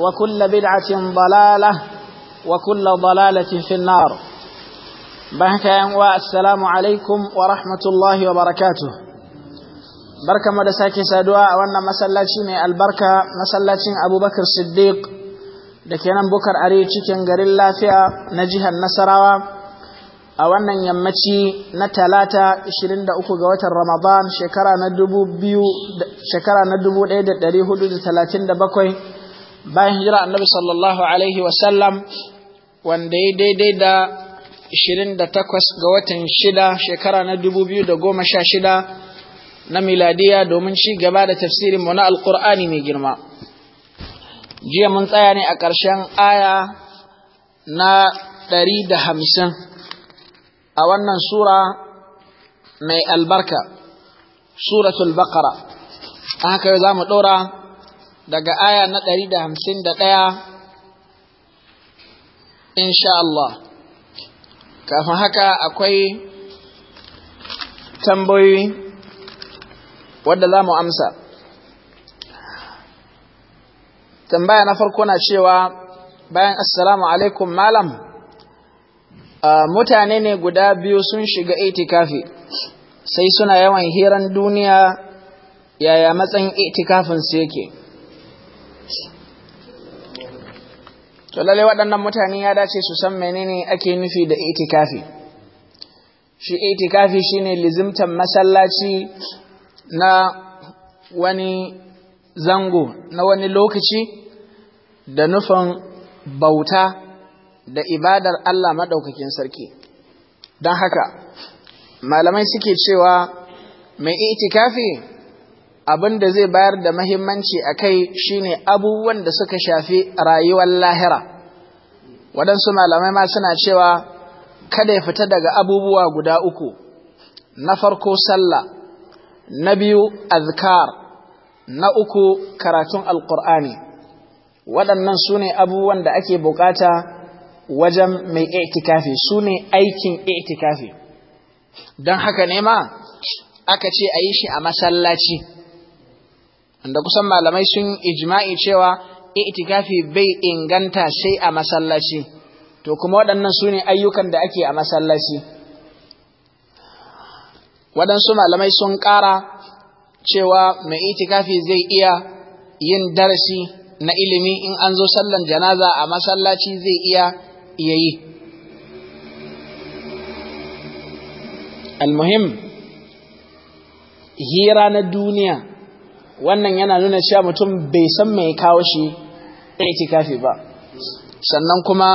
وكل بدعة ضلالة وكل ضلالة في النار بحكا والسلام عليكم ورحمة الله وبركاته بركة مدساكي سادواء وانا مسلاتي البركة مسلاتي أبو بكر الصديق لكينا بكر أري تشيكين غريل لافيا نجيها النسراوة أولا يمتي نتلاتة 23 قوة رمضان شكرا ندبو بيو شكرا ندبو عيدة داري هدود 37 bayan hijira annabi sallallahu alaihi wasallam wanda ya daidai da 28 ga watan shida shekara na 2016 na miladiya domin ci gaba da tafsirin mu na alkur'ani mai girma jiya mun tsaya ne a ƙarshen aya na 150 a wannan sura mai albarka suratul baqara haka za mu ɗora daga aya na ɗari da hamsin da ɗaya insha Allah kafin haka akwai tambayoyi wadda za mu amsa tambaya na farko na cewa bayan assalamu alaikum malam mutane ne guda biyu sun shiga itikafi sai suna yawan hiran duniya yaya matsayin itikafinsu yake to lalle waɗannan mutane ya dace su san menene ake nufi da itikafi shi itikafi shine lizimtan masallaci na wani zango na wani lokaci da nufin bauta da ibadar Allah maɗaukakin sarki don haka malamai suke cewa mai itikafi abin da zai bayar da mahimmanci a kai shine abubuwan da suka shafi rayuwar lahira waɗansu malamai ma suna cewa kada ya fita daga abubuwa guda uku na farko sallah na biyu azkar na uku karatun alkur'ani waɗannan sune abubuwan da ake bukata wajen mai itikafi su ne aikin itikafi don haka ne ma aka ce a yi shi a masallaci da kusan malamai sun ijma'i cewa itikafi bai inganta sai a masallaci to kuma waɗannan su ne ayyukan da ake a masallaci waɗansu malamai sun ƙara cewa mai itikafi zai iya yin darasi na ilimi in an zo sallan janaza a masallaci zai iya iya yi almuhim hira na duniya wannan yana nuna cewa mutum bai san mai kawo shi itikafi ba sannan kuma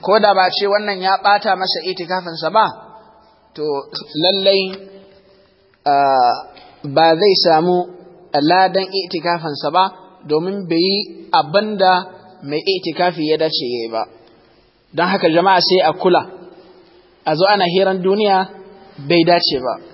ko da ba ce wannan ya ɓata masa itikafinsa ba to lallai ba zai samu ladan itikafinsa ba domin bai yi abin da mai itikafi ya dace ya yi ba don haka jama'a sai a kula a zo ana hiran duniya bai dace ba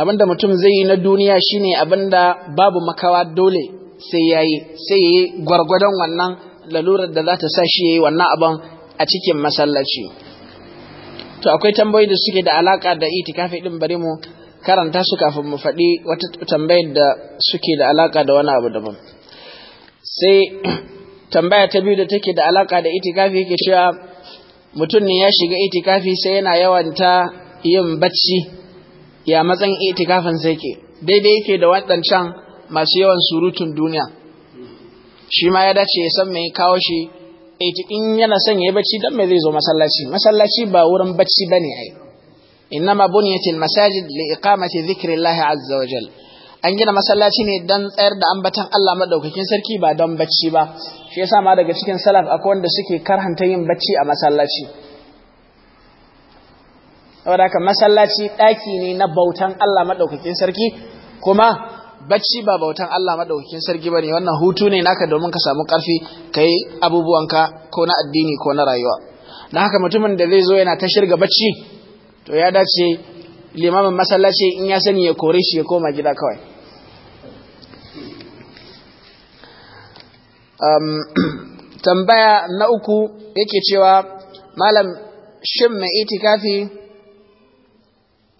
Abin da mutum zai yi na duniya shine abinda babu makawa dole sai yayi sai yayi gwargwadon wannan lalurar da za ta sa shi ya yi wannan abin a cikin masallaci to akwai tambayoyi da suke da alaƙa da itikafi din bari mu karanta su kafin mu faɗi wata tambayar da suke da alaƙa da wani abu daban sai tambaya ta biyu da take da alaƙa da itikafi yake cewa mutum ne ya shiga itikafi sai yana yawanta yin bacci ya matsayin itikafin sai ke daidai yake da waɗancan masu yawan surutun duniya shi ma ya dace ya san mai kawo shi itikin eh, yana son ya yi bacci don mai zai zo masallaci masallaci ba wurin bacci ba ne ai innama buniyatil masajid li iqamati dhikrillahi azza wa jal an gina masallaci ne don tsayar da ambatan Allah madaukakin sarki ba don bacci ba shi yasa ma daga cikin salaf akwai wanda suke karhanta yin bacci a masallaci saboda haka masallaci ɗaki ne na bautan Allah maɗaukakin sarki kuma bacci ba bautan Allah maɗaukakin sarki ba ne wannan hutu ne naka domin ka samu ƙarfi ka yi abubuwanka ko na addini ko na rayuwa don haka mutumin da zai zo yana ta shirga bacci to ya dace limamin masallaci in ya sani ya kore shi ya koma gida kawai tambaya na uku yake cewa malam shin mai itikafi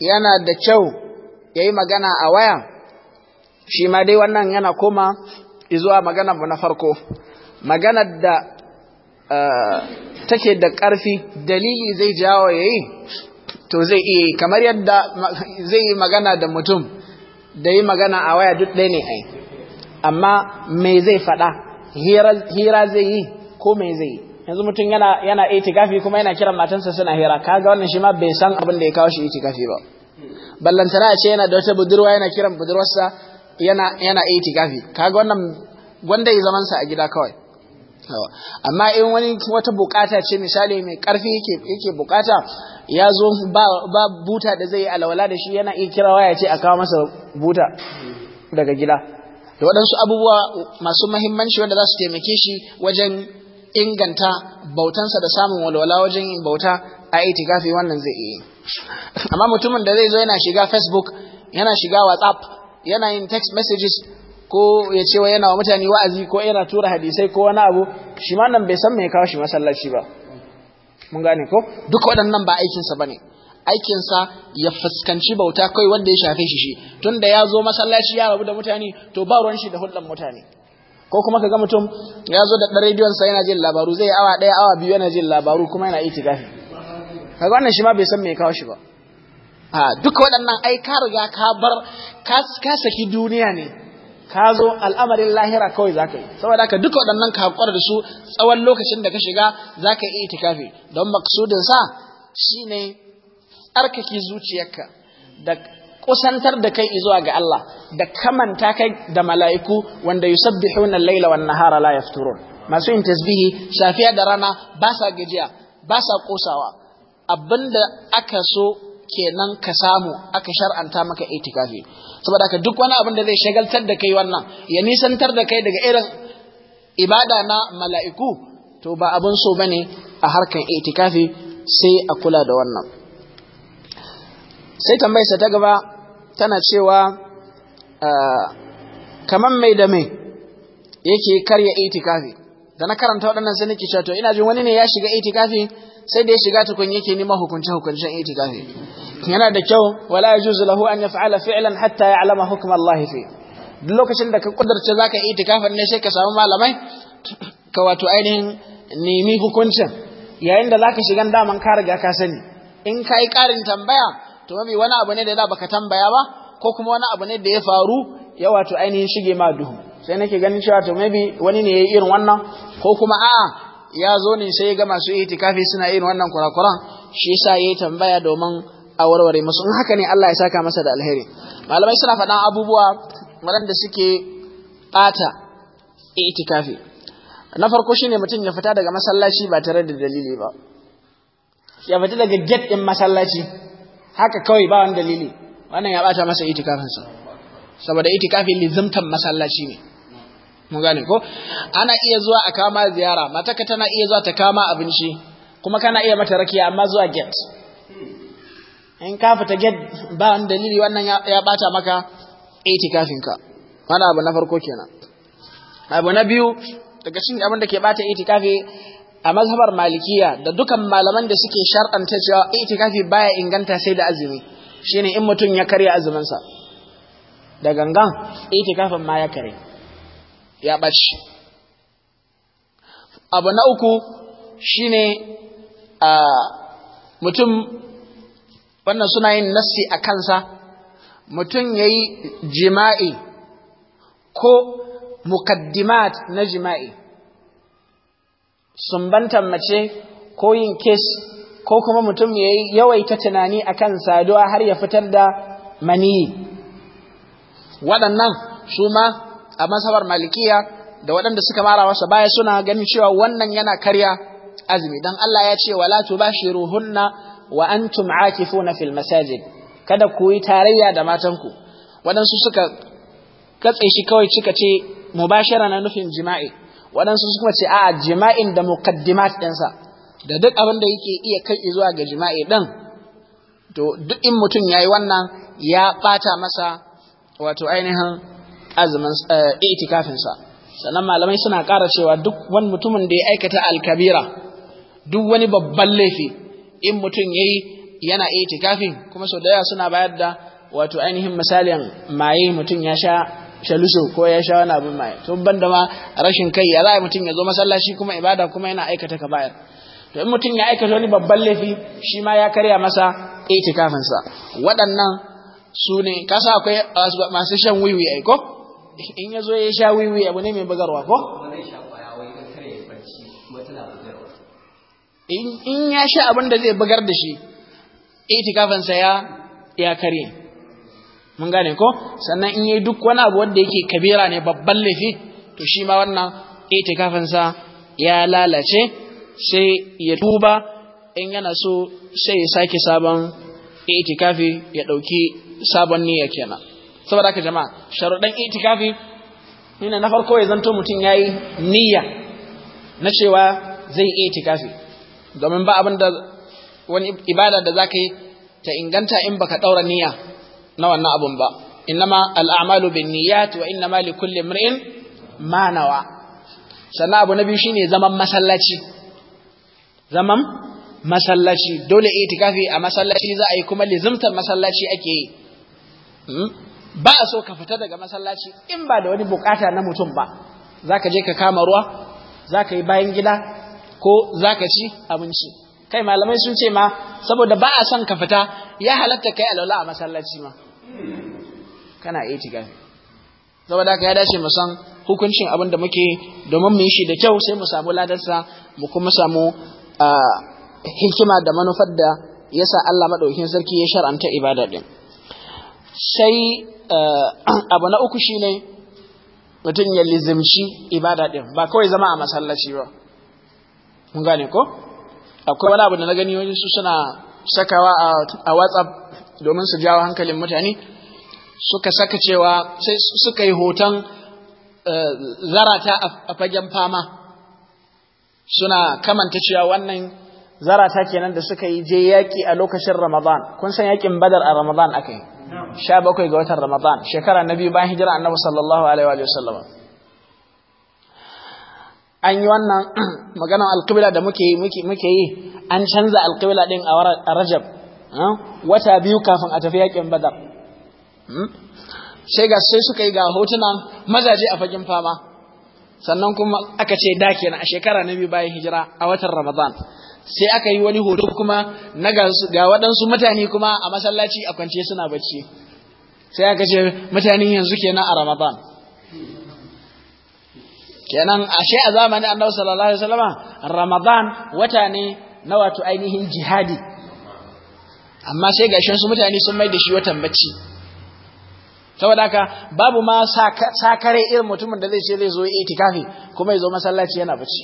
yana da kyau ya yi magana a waya shi ma dai wannan yana koma izuwa magana na farko magana da eh, take da ƙarfi dalili zai jawo ya yi to zai iya kamar yadda zai yi magana da mutum da yi magana a waya duk ɗaya ne ai amma mai zai faɗa hira zai yi ko mai zai yi yanzu mutum yana yana itikafi kuma yana kiran matansa suna hira kaga wannan shi ma bai san abin da ya kawo shi itikafi ba ballantana a ce yana da wata budurwa yana kiran budurwarsa yana yana itikafi kaga wannan gwanda ya zaman sa a gida kawai amma in wani wata bukata ce misali mai karfi yake yake bukata ya zo ba buta da zai yi da shi yana iya kirawa ya ce a kawo masa buta daga gida da waɗansu abubuwa masu mahimmanci wanda za su taimake shi wajen inganta bautansa da samun walwala wajen yin bauta a itikafi wannan zai iya amma mutumin da zai zo yana shiga facebook yana shiga whatsapp yana yin text messages ko ya ce yana wa mutane wa'azi ko yana tura hadisai ko wani abu shi ma nan bai san me kawo shi masallaci ba mun gane ko duk waɗannan ba aikinsa bane aikinsa ya fuskanci bauta kai wanda ya shafe shi shi tunda ya zo masallaci ya rabu da mutane to ba ruwan shi da hulɗan mutane ko kuma ka ga mutum ya zo da ɗan rediyon sa yana jin labaru zai awa ɗaya awa biyu yana jin labaru kuma yana Ka ga wannan shi ma bai san me kawo shi ba a duk waɗannan ai ka riga ka bar ka saki duniya ne ka zo al'amarin lahira kawai za ka yi saboda haka duk waɗannan ka haƙura da su tsawon lokacin da ka shiga za ka yi gafi don maksudin sa shine tsarkake zuciyarka da kusantar da kai zuwa ga Allah da kamanta kai da mala'iku wanda yusabbihuna al-laila wan nahara la yafturun masu yin tasbihi safiya da rana ba sa gajiya ba sa kosawa abinda aka so kenan ka samu aka shar'anta maka itikafi saboda ka duk wani abin da zai shagaltar da kai wannan ya nisantar da kai daga irin ibada na mala'iku to ba abin so bane a harkan itikafi sai a kula da wannan sai tambayarsa ta gaba tana cewa ah, kamar mai da mai yake karya itikafi da na karanta waɗannan sai nake cewa to ina jin wani ne ya shiga itikafi sai da ya shiga tukun yake neman hukunce hukuncen itikafi yana da kyau wala yajuzu lahu an yaf'ala fi'lan hatta ya'lama hukm Allah fi duk lokacin da ka kudarce zaka yi itikafin ne sai ka samu malamai ka wato ainihin nemi hukuncin yayin da zaka shiga daman ka riga ka sani in kai karin tambaya to mai wani abu ne da za baka tambaya ba ko kuma wani abu ne da ya faru ya wato ainihin shige ma duhu sai nake ganin cewa to maybe wani ne ya irin wannan ko kuma a'a ya zo ne sai ya ga masu itikafi suna irin wannan kurakuran shi yasa ya tambaya domin a warware musu in haka ne Allah ya saka masa da alheri malamai suna faɗan abubuwa waɗanda suke ɓata itikafi na farko shine mutum ya fita daga masallaci ba tare da dalili ba ya fita daga gate din masallaci haka kawai ba wani dalili wannan ya bata masa itikafinsa saboda itikafi lizimtan masallaci ne mun gane ko ana iya zuwa a kama ziyara ka tana iya zuwa ta kama abinci kuma kana iya mata rakiya amma zuwa get in ka fita get ba wani dalili wannan ya bata maka itikafinka wannan abu na farko kenan abu na biyu daga cikin abin da ke bata itikafi a mazhabar malikiya da dukan malaman da suke sharɗanta cewa itikafi baya inganta sai da azumi shine in mutum ya karya azuminsa da gangan itikafin ma ya kare ya ɓace. abu na uku shine mutum wannan suna yin nassi a kansa mutum ya yi jima'i ko mukaddimat na jima'i sumbantar mace ko yin kes ko kuma mutum ya yawaita tunani a kan saduwa har ya fitar da maniyi waɗannan su ma a masabar malikiya da waɗanda suka mara masa baya suna ganin cewa wannan yana karya azumi Don Allah ya ce wala ruhunna wa antum aakifuna fil masajid kada ku yi tarayya da matanku waɗansu suka katse shi kawai cika ce mubashara na nufin jima'i waɗansu kuma ce a jima'in da muqaddimat ɗinsa da duk abin da yake iya kai zuwa ga jima'i ɗin to duk in mutum ya yi wannan ya ɓata masa wato ainihin azumin eh, itikafinsa sannan malamai suna ƙara cewa duk wani mutumin da ya aikata alkabira duk wani babban laifi in mutum ya yi yana itikafin kuma sau da yawa suna bayar da wato ainihin misalin maye mutum ya sha shaluso ko ya sha wani abin maye to ban da ma rashin kai ya za a mutum ya zo masallaci kuma ibada kuma yana aikata ka bayar to in mutum ya aikata wani babban laifi shi ma ya karya masa itikafinsa waɗannan su ne kasa akwai masu shan wiwi ai ko in ya zo ya sha wiwi abu ne mai bugarwa ko in ya sha abin da zai bugar da shi itikafinsa ya ya karye mun gane ko sannan in yayi duk wani abu wanda yake kabira ne babban laifi to shi ma wannan kafinsa ya lalace sai ya tuba in yana so sai ya sake sabon itikafi ya ɗauki sabon niyya kenan saboda haka jama'a sharuɗan itikafi ina na farko ya zanto mutum ya yi niyya na cewa zai itikafi domin ba abin da wani ibada da za yi ta inganta in baka ɗaura niyya na wannan abun ba innama al'amalu bin niyyat wa innama li kulli imrin ma nawa sannan abu na biyu shine zaman masallaci zaman masallaci dole itikafi a masallaci za a yi kuma lizimtar masallaci ake yi hmm? ba a so ka fita daga masallaci in ba da wani bukata na mutum ba za ka je ka kama ruwa za yi bayan gida ko za ci abinci kai malamai sun ce ma saboda ba a son ka fita ya halatta kai alwala a masallaci ma kana tiga saboda ka ya dace mu san hukuncin abin da muke domin mu yi shi da kyau sai mu samu ladarsa mu kuma samu hikima da manufar da yasa Allah madaukakin sarki ya shar'anta ibada din sai abu na uku shine mutum ya lizimci ibada din ba kawai zama a masallaci ba mun gane ko akwai wani abu da na gani wani su suna sakawa a WhatsApp domin su jawo hankalin mutane suka saka cewa sai suka yi hoton eh, zarata a fagen fama suna kamanta cewa wannan zarata kenan da suka yi je yaƙi a lokacin ramadan kun san yaƙin badar a ramadan aka yi sha bakwai ga watan ramadan shekara na biyu bayan hijira annabi sallallahu alaihi wa sallam an yi wannan maganar alƙibla da muke yi an canza alƙibla ɗin a rajab Hmm? wata biyu kafin a tafi yakin badar hmm? sai ga sai suka yi ga hotunan mazaje a fakin fama sannan kuma aka ce da kenan a shekara na biyu bayan hijira a watan ramadan sai aka yi wani hoto kuma na ga waɗansu mutane kuma a masallaci a kwance suna bacci sai aka ce mutane yanzu kenan a ramadan kenan ashe a zamanin annabi sallallahu alaihi wasallama ramadan wata ne na wato ainihin jihadi amma sai gashin su mutane sun mai da shi watan bacci saboda haka babu ma sakare irin mutumin da zai ce zai zo yi itikafi kuma ya zo masallaci yana bacci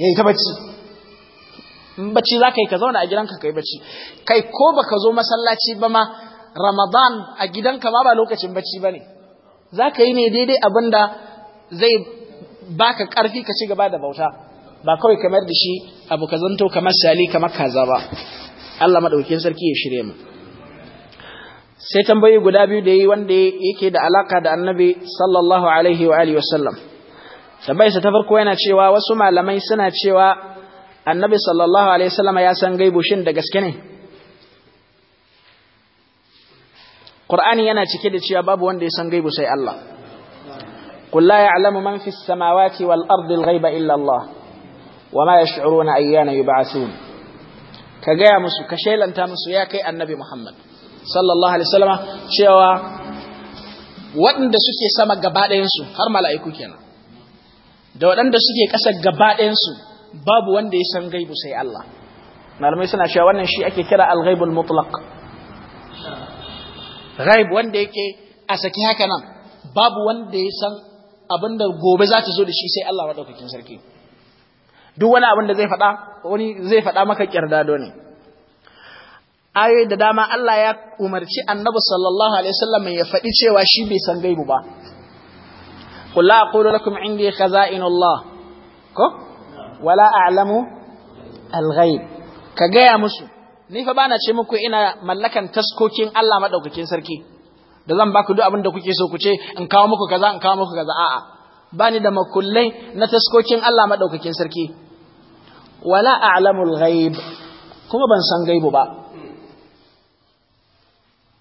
ya yi ta bacci in bacci za ka ka zauna a gidanka ka yi bacci kai ko ba ka zo masallaci ba ma ramadan a gidanka ma ba lokacin bacci ba ne za ka yi ne daidai abin da zai baka ƙarfi ka ci gaba da bauta ba kawai kamar da shi abu ka zanto kamar sali kamar kaza ba Allah madaukakin sarki ya shirye mu sai tambayi guda biyu da yi wanda yake da alaka da annabi sallallahu alaihi wa alihi wasallam sa ta farko yana cewa wasu malamai suna cewa annabi sallallahu alaihi wasallam ya san gaibu shin da gaske ne Qur'ani yana cike da cewa babu wanda ya san gaibu sai Allah قل لا يعلم من في السماوات والأرض الغيب إلا الله وما يشعرون أيان يبعثون ka gaya musu ka shelanta musu ya kai annabi Muhammad sallallahu alaihi wasallama cewa waɗanda suke sama gaba su har mala'iku kenan da waɗanda suke ƙasa gaba su babu wanda ya san gaibu sai Allah malamai suna cewa wannan shi ake kira al-ghaibul mutlaq ghaib wanda yake a saki haka nan babu wanda ya san abinda gobe za ta zo da shi sai Allah madaukakin sarki duk wani abin da zai faɗa wani zai faɗa maka do ne ayoyi da dama Allah ya umarci annabi sallallahu alaihi wasallam ya faɗi cewa shi bai san gaibu ba qul la aqulu lakum indi khaza'inullah ko wala a'lamu alghayb ka ka gaya musu ni fa bana ce muku ina mallakan taskokin Allah madaukakin sarki da zan baku duk abin da kuke so ku ce in kawo muku kaza in kawo muku kaza a'a bani da makullai na taskokin Allah maɗaukakin sarki wala a'lamul ghaib kuma ban san gaibu ba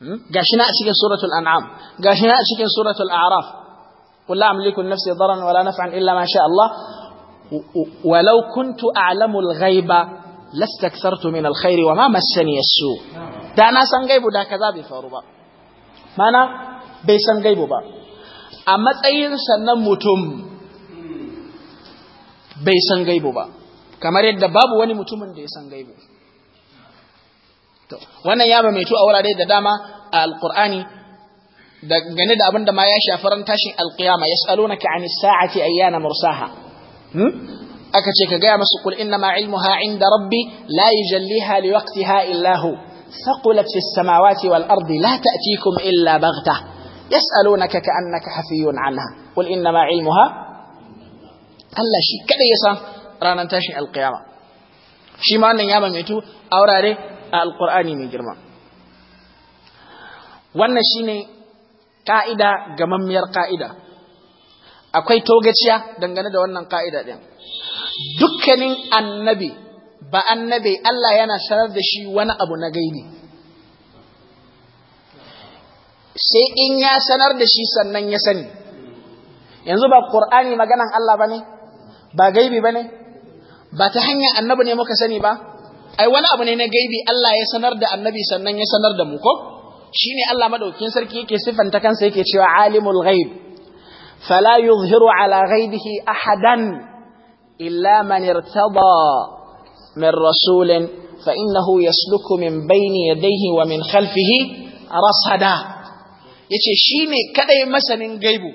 hmm? gashi na a cikin suratul an'am gashi na a cikin suratul a'raf nafsi wala naf'an illa ma sha Allah walau kuntu a'lamul ghaiba lastakthartu min alkhair wa ma massani su da na san gaibu da kaza bai faru ba mana bai san gaibu ba a matsayinsa na mutum bai san gaibu ba kamar yadda babu wani mutumin da ya san gaibu wannan ya maimaitu a wurare da dama a alkur'ani gane da abinda ma ya shafi ran tashin alkiyama ya tsalo na ka'ani sa'ati ayyana mursaha hmm? aka ce ka gaya masu kul inna ma'ilmuha inda rabbi la yujalliha liwaqtiha illa hu thaqulat fis samawati wal ardi la ta'tikum illa barta. yas'alunaka ka'annaka hafiyun anha qul innama ilmuha Allah shi kada ya san ranar tashin alkiyama shi ma wannan ya mamaitu a wurare a alkur'ani mai girma wannan shine ka'ida gamammiyar ka'ida akwai togaciya dangane da wannan ka'ida ɗin dukkanin annabi ba annabi Allah yana sanar da shi wani abu na gaibi sai in ya sanar da shi sannan ya sani yanzu ba qur'ani maganan Allah bane ba gaibi bane ba ta hanyar annabi ne muka sani ba ai wani abu ne na gaibi Allah ya sanar da annabi sannan ya sanar da mu ko shine Allah madaukin sarki yake sifanta kansa yake cewa alimul ghaib fala yuzhiru ala ghaibihi ahadan illa man irtada min rasulin fa innahu yasluku min bayni yadayhi wa min khalfihi rasada Yace ce shi ne kaɗai masanin gaibu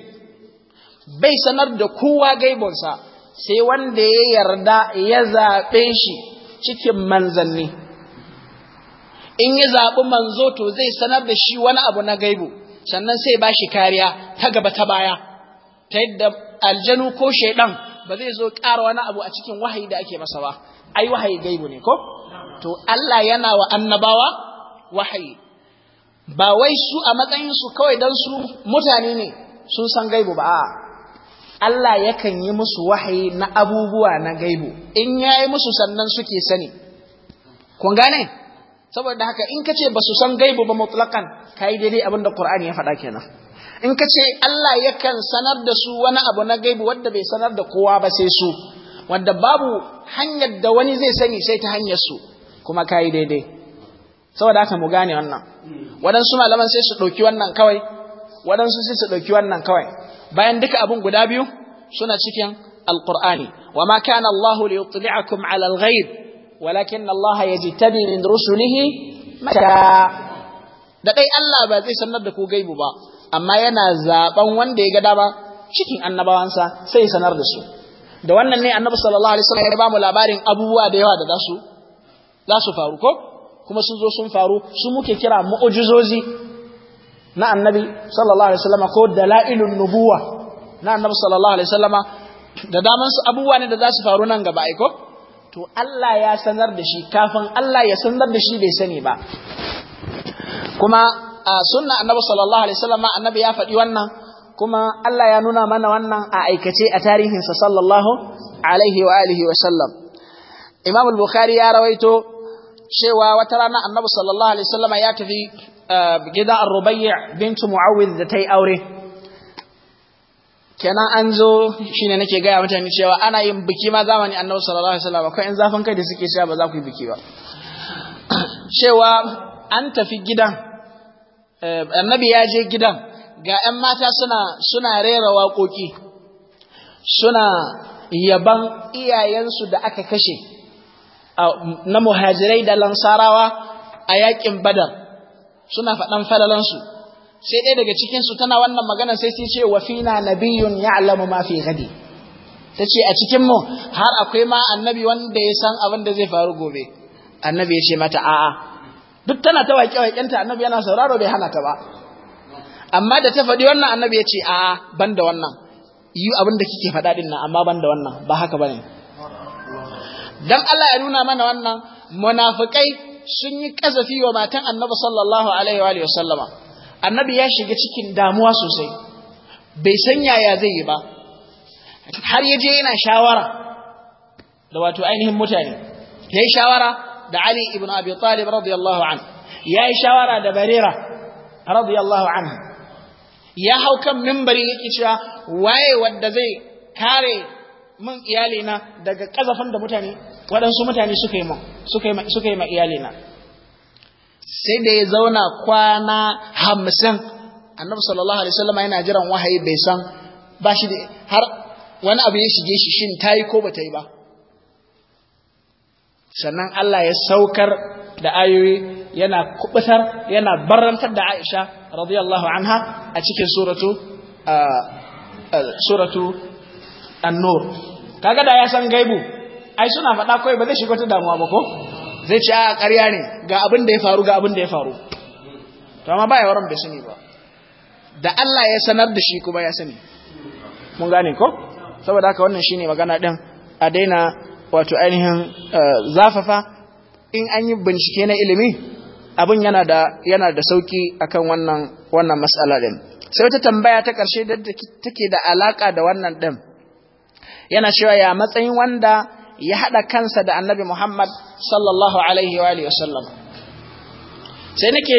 bai sanar da kowa sa sai wanda ya yarda ya zaɓe shi cikin manzanni in ya zaɓi manzo to zai sanar da shi wani abu na gaibu sannan sai ba shi kariya ta gaba ta baya ta yadda aljanu ko shaidan ba zai zo ƙara wani abu a cikin wahayi da ake masa ba ai wahayi gaibu ne ko to Allah yana wa annabawa wahayi ba wai su a matsayin su kawai don su mutane ne sun san gaibu ba Allah yakan yi musu wahayi na abubuwa na gaibu in ya yi musu sannan suke sani kun gane saboda haka in ka ce ba su san gaibu ba mutlakan ka yi daidai abin da ya faɗa kenan in ka ce Allah yakan sanar da su wani abu na gaibu wadda bai sanar da kowa ba sai su wadda babu hanyar da wani zai sani sai ta hanyar su kuma ka yi daidai saboda haka mu gane wannan waɗansu malaman sai su ɗauki wannan kawai waɗansu sai su ɗauki wannan kawai bayan duka abun guda biyu suna cikin alqur'ani wa ma kana Allahu yutli'akum 'ala al-ghaib walakin Allah yajtabi min rusulihi mata da dai Allah ba zai sanar da ku gaibu ba amma yana zaben wanda ya ga dama cikin annabawansa sai sanar da su da wannan ne annabi sallallahu alaihi wasallam ya ba mu labarin abubuwa da yawa da za su su faru ko kuma sun zo sun faru su muke kira mu'ujizozi na annabi sallallahu alaihi wasallama ko dalailun nubuwa na annabi sallallahu alaihi wasallama da daman su abubuwa ne da za su faru nan gaba aiko to Allah ya sanar da shi kafin Allah ya sanar da shi bai sani ba kuma a sunna annabi sallallahu alaihi wasallama annabi ya faɗi wannan kuma Allah ya nuna mana wannan a aikace a tarihinsa sallallahu alaihi wa alihi wa sallam Imam al-Bukhari ya rawaito cewa wata rana annabi sallallahu alaihi wasallama ya tafi eh, gida ar-rubayya bintu mu'awwidh da tai aure kenan an zo shine nake gaya mutane cewa ana yin biki ma zamani annabi sallallahu alaihi wasallama kai in zafin kai da suke cewa ba za ku yi biki ba cewa an tafi gidan eh, annabi ya je gidan ga 'yan mata suna suna rera waƙoƙi suna yaban iyayensu da aka kashe na muhajirai da lansarawa a yakin badar suna faɗan falalansu sai ɗaya daga cikin su tana wannan magana sai sai ce wa fina nabiyun ya'lamu ma fi gadi ta ce a cikinmu har akwai ma annabi wanda ya san abin da zai faru gobe annabi ya ce mata a'a duk tana ta waƙe waƙenta annabi yana sauraro bai hana ta ba amma da ta faɗi wannan annabi ya ce a'a ban da wannan yi abin da kike faɗa ɗin nan amma ban da wannan ba haka bane. dan Allah ya nuna mana wannan munafikai sun yi kazafi wa matan annabi sallallahu alaihi wa sallama annabi ya shiga cikin damuwa sosai bai san yaya zai yi ba har ya je yana shawara da wato ainihin mutane ya yi shawara da Ali ibn Abi Talib radiyallahu an ya yi shawara da Barira radiyallahu an ya hau kan mimbari yake cewa waye wanda zai kare mun iyalina daga kazafin da mutane waɗansu mutane suka yi ma iyalina sai da ya zauna kwana hamsin annabi sallallahu alaihi wasallam yana jiran wahayi bai san ba shi har wani abu ya shige shi shin ta yi ko ba ta yi ba sannan Allah ya saukar da ayoyi yana kubutar yana barantar da Aisha radiyallahu anha a cikin suratu suratu an-nur kaga da ya san gaibu ai suna faɗa kawai ba zai shiga wata damuwa ba ko zai ce a ƙarya ne ga abin da ya faru ga abin da ya faru to amma baya waran bai sani ba da Allah ya sanar da shi kuma ya sani mun gane ko saboda haka wannan shine magana din a daina wato ainihin eh, zafafa in an yi bincike na ilimi abin yana da yana da sauki akan wannan wannan mas'ala din sai wata tambaya ta ƙarshe da take da alaka da wannan din yana cewa ya matsayin wanda ya haɗa kansa da annabi Muhammad sallallahu alaihi wa alihi sai nake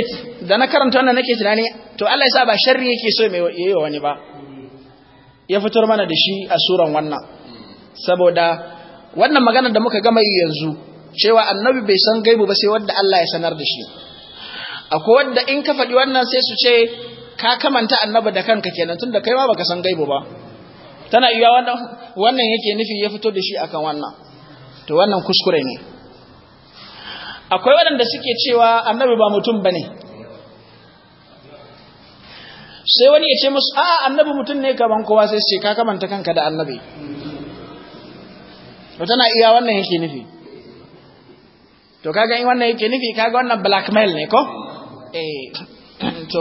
da na karanta wannan nake tunani to Allah ya sa ba sharri yake so mai yayi wani ba ya fitar mana da shi a suran wannan saboda wannan magana da muka gama yanzu cewa annabi bai san gaibu ba sai wanda Allah ya sanar da shi akwai wanda in ka faɗi wannan sai su ce ka kamanta annabi da kanka kenan tunda kai ma baka san gaibu ba tana iya wannan wannan yake nufi ya fito da shi akan wannan to wannan kuskure ne akwai waɗanda suke cewa annabi ba mutum ba ne sai wani ya ce musu a annabi mutum ne kaman kowa sai ce ka kamanta kanka da annabi to tana iya wannan yake nufi to kaga in wannan yake nufi kaga wannan blackmail ne ko eh to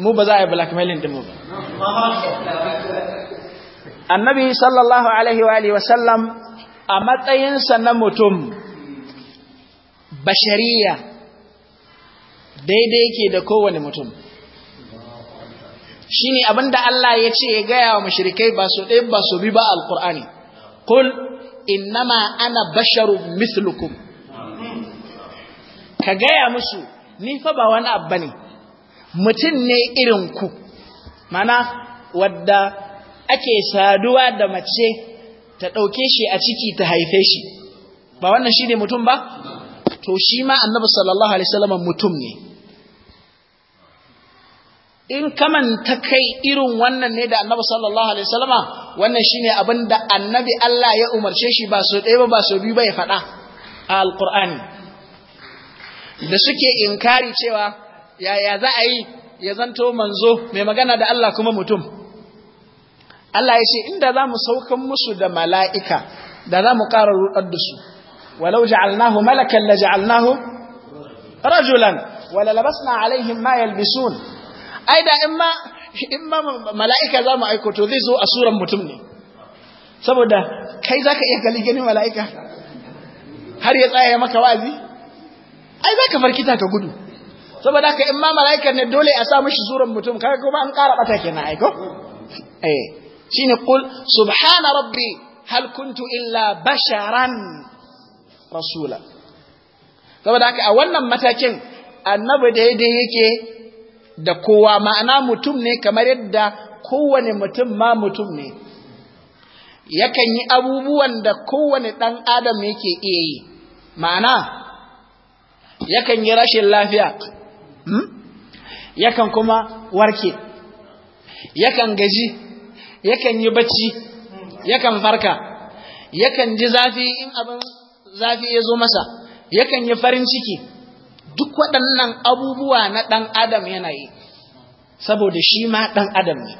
mu ba za a yi blackmailing din mu ba annabi sallallahu alaihi wa alihi wa sallam a matsayinsa na mutum bashariya daidai ke da kowane mutum shi ne abinda Allah ya ce ya gaya wa mashirikai ba su ɗaya ba su bi ba alkur'ani kul innama ana basharu mislukum ka gaya musu ni fa ba wani abba ne mutum ne irin ku mana wadda ake saduwa da mace ta ɗauke shi a ciki ta haife shi ba wannan shi ne mutum ba to shi ma annabi sallallahu alaihi wasallam mutum ne in kaman ta kai irin wannan ne da annabi sallallahu alaihi wasallama wannan shine abin da annabi Allah ya umarce shi ba so ɗaya ba ba so biyu ba ya faɗa a Alƙur'ani. da suke inkari cewa yaya za a yi ya zanto manzo mai magana da Allah kuma mutum Allah ya ce inda zamu saukan musu da mala'ika da zamu mu ƙara rudar da su walau ja'alnahu malakan la ja'alnahu rajulan wala labasna alaihim ma yalbisun ai da in ma in ma mala'ika zamu mu aiko to zai zo a suran mutum ne saboda kai zaka iya gali ganin mala'ika har ya tsaya maka wazi ai zaka farkita ka gudu saboda ka in ma mala'ikan ne dole a sa mishi suran mutum kaga kuma an ƙara bata kenan ai ko eh shine qul subhana rabbi hal kuntu illa basharan rasula saboda haka a wannan matakin annabi daidai yake da kowa ma'ana mutum ne kamar yadda kowane mutum ma mutum ne yakan yi abubuwan da kowane ɗan adam yake iya yi ma'ana yakan yi rashin lafiya hmm? yakan kuma warke yakan gaji yakan yi bacci yakan farka yakan ji zafi in abin zafi ya zo masa yakan yi farin ciki duk waɗannan abubuwa na ɗan adam yana yi saboda shi ma ɗan adam ne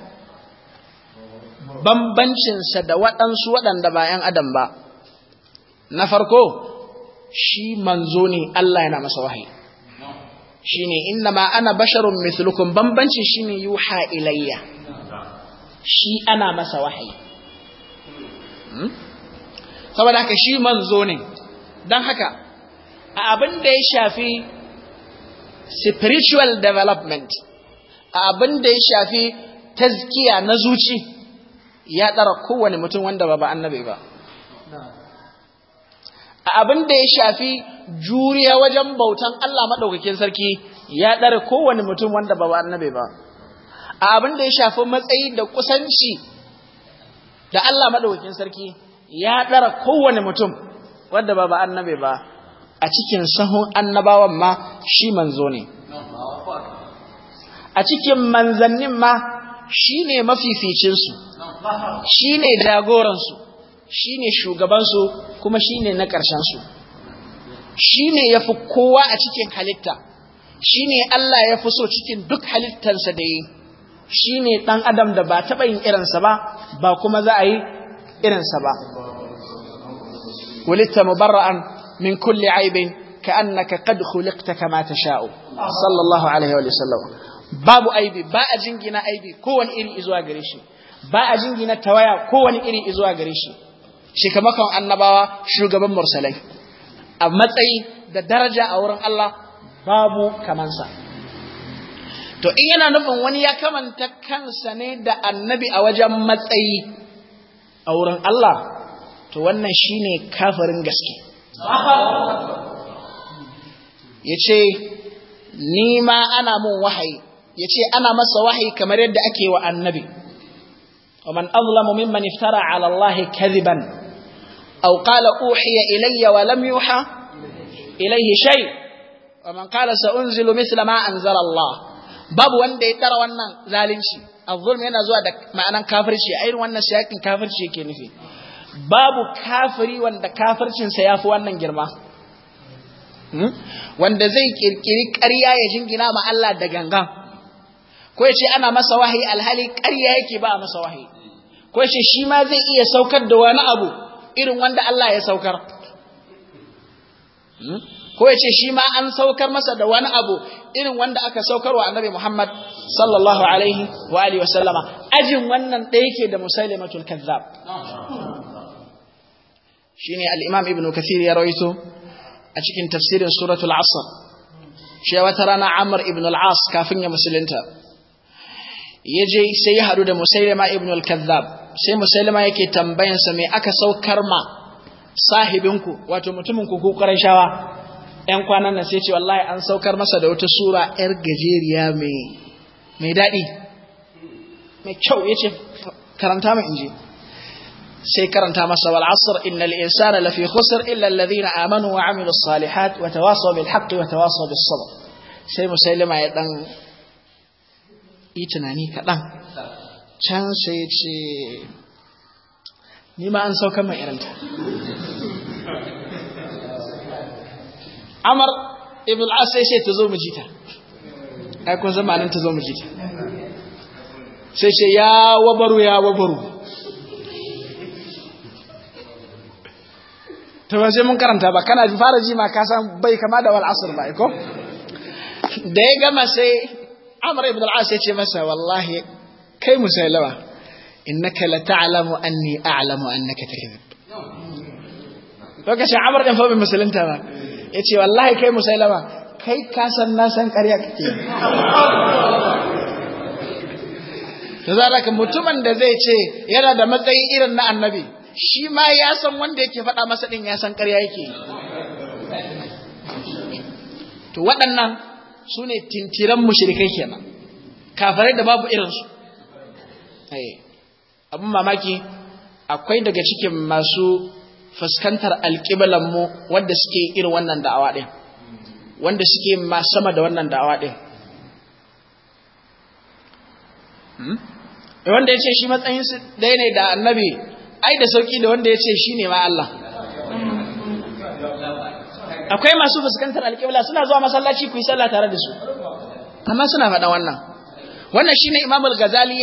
bambancinsa da waɗansu waɗanda ba ‘yan adam ba na farko shi manzo ne Allah yana masa wahayi shi ne inda ma ana basharun mislukum bambancin shi ne yuha ilayya shi ana masa wahayi hmm? saboda haka shi manzo ne don haka a abin da ya shafi spiritual development a abin da ya shafi tazkiya na zuci ya ɗara kowane mutum wanda ba ba annabi ba a abin da ya shafi juriya wajen bautan Allah maɗaukakin sarki ya ɗara kowane mutum wanda ba ba annabi ba abin da ya shafi matsayi da kusanci da Allah madaukakin sarki ya ɗara kowane mutum wanda ba ba annabi ba a cikin sahun annabawan ma shi manzo ne a cikin manzannin ma shi ne mafificinsu shi ne jagoransu shi ne shugabansu kuma shi ne na su. shi ne ya fi kowa a cikin halitta shi ne Allah ya fi so cikin duk halittarsa da yi shi ne ɗan adam da ba taɓa yin irinsa ba ba kuma za a yi irinsa ba walitta mubarra'an min kulle aibin ka annaka qad khuliqta kamata sha'o. sallallahu alaihi wa sallam babu aibi ba a jingina aibi kowane iri izuwa gare shi ba a jingina tawaya kowane iri izuwa gare shi shikamakan annabawa shugaban mursalai a matsayi da daraja a wurin Allah babu kamansa to in yana nufin wani ya kamanta kansa ne da annabi a wajen matsayi a wurin Allah to wannan shine kafirin gaske ya ce ni ma ana mun wahayi ya ce ana masa wahayi kamar yadda ake wa annabi ومن أظلم ممن افترى على الله كذبا أو قال أوحي إلي ولم يوحى إليه شيء ومن قال سأنزل مثل ما أنزل الله babu wanda ya tara wannan zalunci azzulm yana zuwa da ma'anan kafirci a irin wannan shakin kafirci yake nufi babu kafiri wanda kafircinsa ya fi wannan girma hmm? wanda zai kirkiri ƙarya ya jingina ma Allah da ganga ko ya ana masa wahayi alhali ƙarya yake ba a masa wahayi ko ya shi ma zai iya saukar da wani abu irin wanda Allah ya saukar hmm? ko ya ce shi ma an saukar masa da wani abu irin wanda aka saukar wa annabi Muhammad sallallahu alaihi wa alihi wasallama ajin wannan ɗaya yake da musailamatul kazzab shine al-imam ibn kathir ya rawaito a cikin tafsirin suratul asr shi wata rana amr ibn al-as kafin ya musulunta ya je sai ya hadu da musailama ibn al-kazzab sai musailama yake tambayansa me aka saukar ma sahibinku wato mutumin ku ko shawa 'yan kwanan nan sai ce wallahi an saukar masa da wata sura 'yar gajeriya mai daɗi mai kyau ya ce karanta mai inji sai karanta masa wal asr innal insana lafi khusr illa alladhina amanu wa amilu salihat wa tawasaw bil haqqi wa tawasaw bis sabr sai musailima ya dan yi tunani kaɗan can sai ce ni ma an saukar mai irinta amar ibn al-as sai ce ta zo mu jita ai kun zama nan ta zo mu jita sai ce ya wabaru ya wabaru to ba sai mun karanta ba kana fara ji ma ka san bai kama da wal asr ba ko da ya gama sai amr ibn al-as ya ce masa wallahi kai musailawa innaka la ta'lamu anni a'lamu annaka takzib lokacin amr din fa bai musulunta ba ya ce wallahi kai musailama kai kasan na san ƙarya kake da zara ka mutumin da zai ce yana da matsayi irin na annabi shi ma ya san wanda yake faɗa masa ɗin ya san ƙarya yake to waɗannan su ne tintiran mushrikai kenan kafarai da babu irinsu eh, abin mamaki akwai daga cikin masu fuskantar mu wanda suke irin wannan da'awa ɗin wanda suke ma sama da wannan da'awa ɗin hmm? wanda ya ce shi matsayinsu ɗaya ne da annabi ai da sauƙi da wanda ya ce shi ne ma Allah akwai masu fuskantar alƙibla suna zuwa masallaci ku yi sallah tare da su amma suna faɗa wannan wannan shi imamul Imam al-Ghazali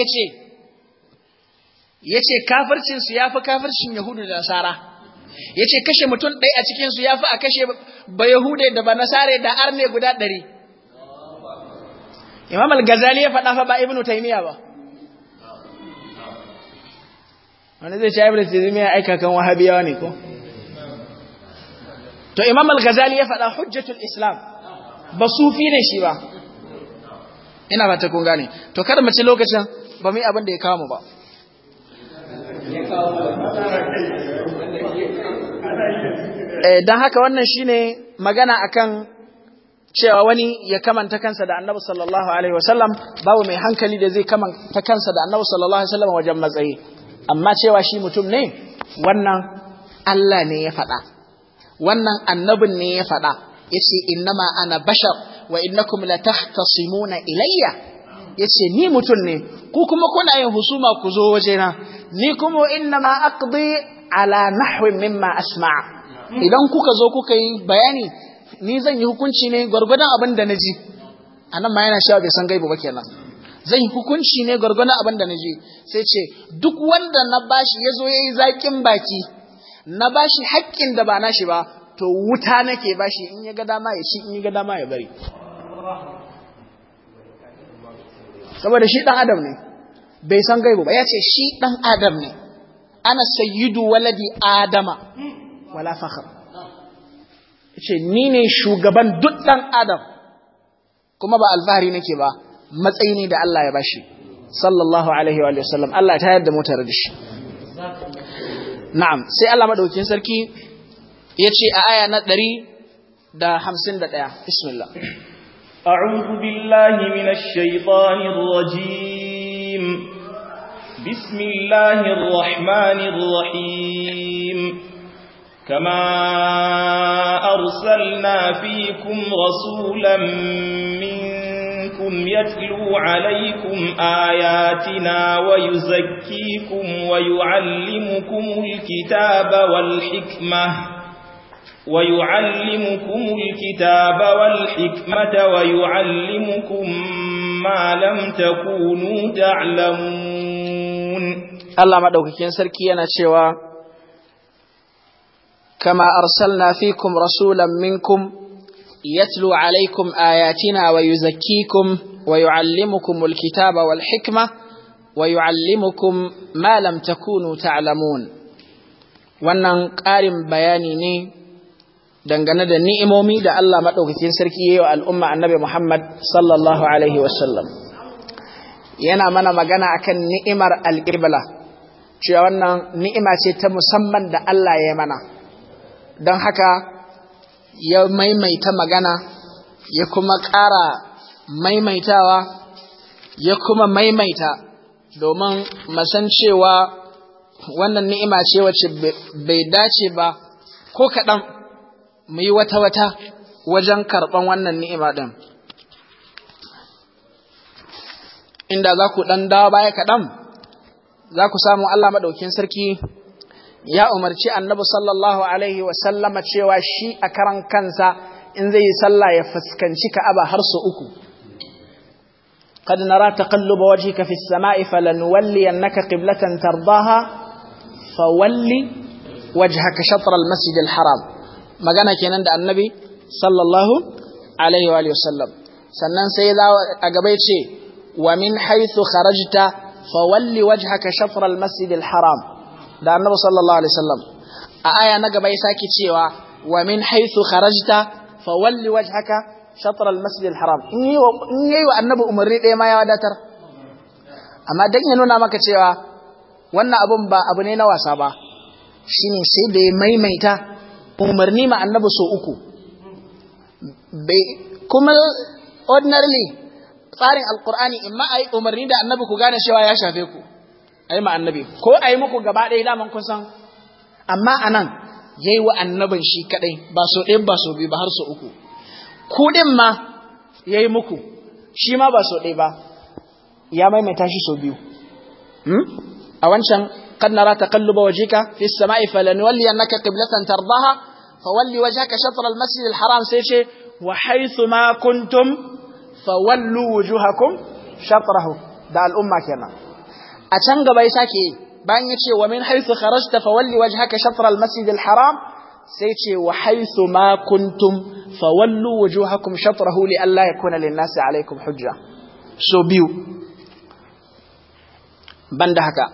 ya ce kafircinsu ya fi kafircin Yahudu da Nasara Yace kashe mutum ɗaya a cikinsu ya fi a kashe ba Yahude da ba Nasare da arne guda ɗari. Imam al-Ghazali ya faɗa fa ba Ibn Taymiyyah ba. Wani zai ce Ibn Taymiyyah aika kan Wahabiyawa ne ko? To Imam al-Ghazali ya faɗa hujjatul Islam ba sufi ne shi ba. Ina ba ta kun gane. To kada mu ci lokacin ba mu yi abin da ya kawo mu ba. Eh, dan haka wannan shine magana akan cewa wani ya kamanta kansa da annabi sallallahu alaihi wasallam babu mai hankali da zai kamanta kansa da annabi sallallahu alaihi wasallam wajen matsayi amma cewa shi mutum ne wannan Allah ne ya faɗa wannan annabin ne ya faɗa yace innama ana bashar wa innakum latahtasimuna ilayya yace ni mutum ne ku kuma kuna yin husuma ku zo wajena ni kuma innama aqdi ala nahwin mimma asma'a idan kuka zo kuka yi bayani ni zan yi hukunci ne gwargwadon abin da na ji a nan ma yana sha bai san gaibu ba kenan zan yi hukunci ne gwargwadon abin da na ji sai ce duk wanda na bashi ya zo ya yi zaƙin baki na bashi haƙƙin da ba na shi ba to wuta nake bashi in ya ga dama ya ci in ya ga dama ya bari saboda shi ɗan adam ne bai san gaibu ba ya ce shi ɗan adam ne ana sayyidu waladi adama wala fakhar yace ni ne shugaban duk dan adam kuma ba alfahari nake ba matsayi ne da Allah ya bashi sallallahu alaihi wa sallam Allah ta yarda mu da shi na'am sai Allah madaukakin sarki yace a aya na 151 bismillah أعوذ بالله من الشيطان الرجيم بسم الله الرحمن الرحيم كما أرسلنا فيكم رسولا منكم يتلو عليكم آياتنا ويزكيكم ويعلمكم الكتاب والحكمة ويعلمكم الكتاب والحكمة ويعلمكم ما لم تكونوا تعلمون ya'lamun Allah madaukakin sarki yana cewa kama arsalna fikum rasulan minkum yatlu alaikum ayatina wa yuzakkikum wa yuallimukumul kitaba wal hikma wa yuallimukum ma lam takunu ta'lamun wannan ƙarin bayani ne dangane da ni'imomi da Allah madaukakin sarki yi wa al'umma annabi Muhammad sallallahu alaihi wasallam yana mana magana akan ni'imar alƙibla cewa wannan ni'ima ce ta musamman da Allah ya mana don haka ya maimaita magana ya kuma ƙara maimaitawa ya kuma maimaita domin masancewa wannan ni'ima ce wacce bai dace ba ko kaɗan mu yi wata-wata wajen karɓan wannan ni'ima ɗin. inda za ku ɗan dawa baya kaɗan za ku samu Allah maɗaukin sarki ya umarci annabi sallallahu alaihi wasallama cewa shi a karan kansa in zai yi sallah ya fuskanci ka'aba har sau uku قد نرى تقلب وجهك في السماء فلنولينك قبلة ترضاها فول وجهك شطر المسجد الحرام magana kenan da annabi sallallahu alaihi wa sallam sannan sai a gaba ce wa min haythu kharajta fawalli wajhaka shatr al-masjid al-haram da annabi sallallahu alaihi wasallam a aya na gaba ya saki cewa wa min haythu kharajta fawalli wajhaka shatr al-masjid al-haram in yi wa annabi umarni ɗaya ma ya wadatar amma dan nuna maka cewa wannan abun ba abu ne na wasa ba shine sai maimaita umarni ma annabi uku kuma ordinarily tsarin alqur'ani in ma a umarni da annabi ku gane cewa ya shafe ku a ma annabi ko a muku gaba ɗaya daman kun san amma anan yayi wa annabin shi kadai ba so ɗaya ba so biyu ba har so uku ku din ma yayi muku shi ma ba so ɗaya ba ya maimaita shi so biyu a wancan kan nara taqalluba wajhika fi as-sama'i falanwalliyannaka qiblatan tardaha fawalli wajhaka shatr al-masjid al-haram sai ce wa haythu ma kuntum fawallu wujuhakum shatrahu da al'umma kenan a can gaba ya sake bayan ya ce wa min haythu kharajta fawalli wajhaka shatr al-masjid al-haram sai ce wa haythu ma kuntum fawallu wujuhakum shatrahu li alla yakuna lin-nasi alaykum hujja so biyu banda haka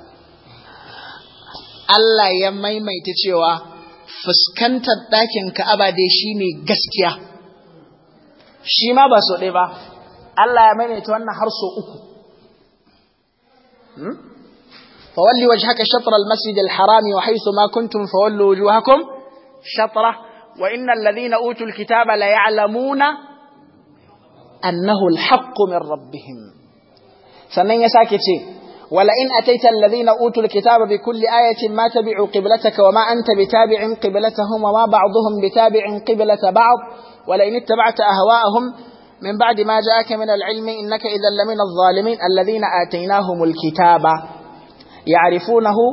Allah ya maimaita cewa fuskantar ɗakin Ka'aba dai shi ne gaskiya, shi ma ba so ɗaya ba, Allah ya maimaita wannan har so uku fawalli wajhaka shatr al-masjid al-haram wa haythu ma kuntum fawallu wujuhakum shatra wa innal ladhina utul kitaba la ya'lamuna annahu al-haqq min rabbihim sannan ya sake ce wala in ataita alladhina utul kitaba bi kulli ayatin ma tabi'u qiblataka wa ma anta bitabi'in qiblatahum wa ma ba'dhum bitabi'in qiblata ba'd wala in ittaba'ta ahwa'ahum min ba'di ma ja'aka min al-ilmi innaka idhan lamin adh-dhalimin alladhina atainahumul kitaba ya'rifunahu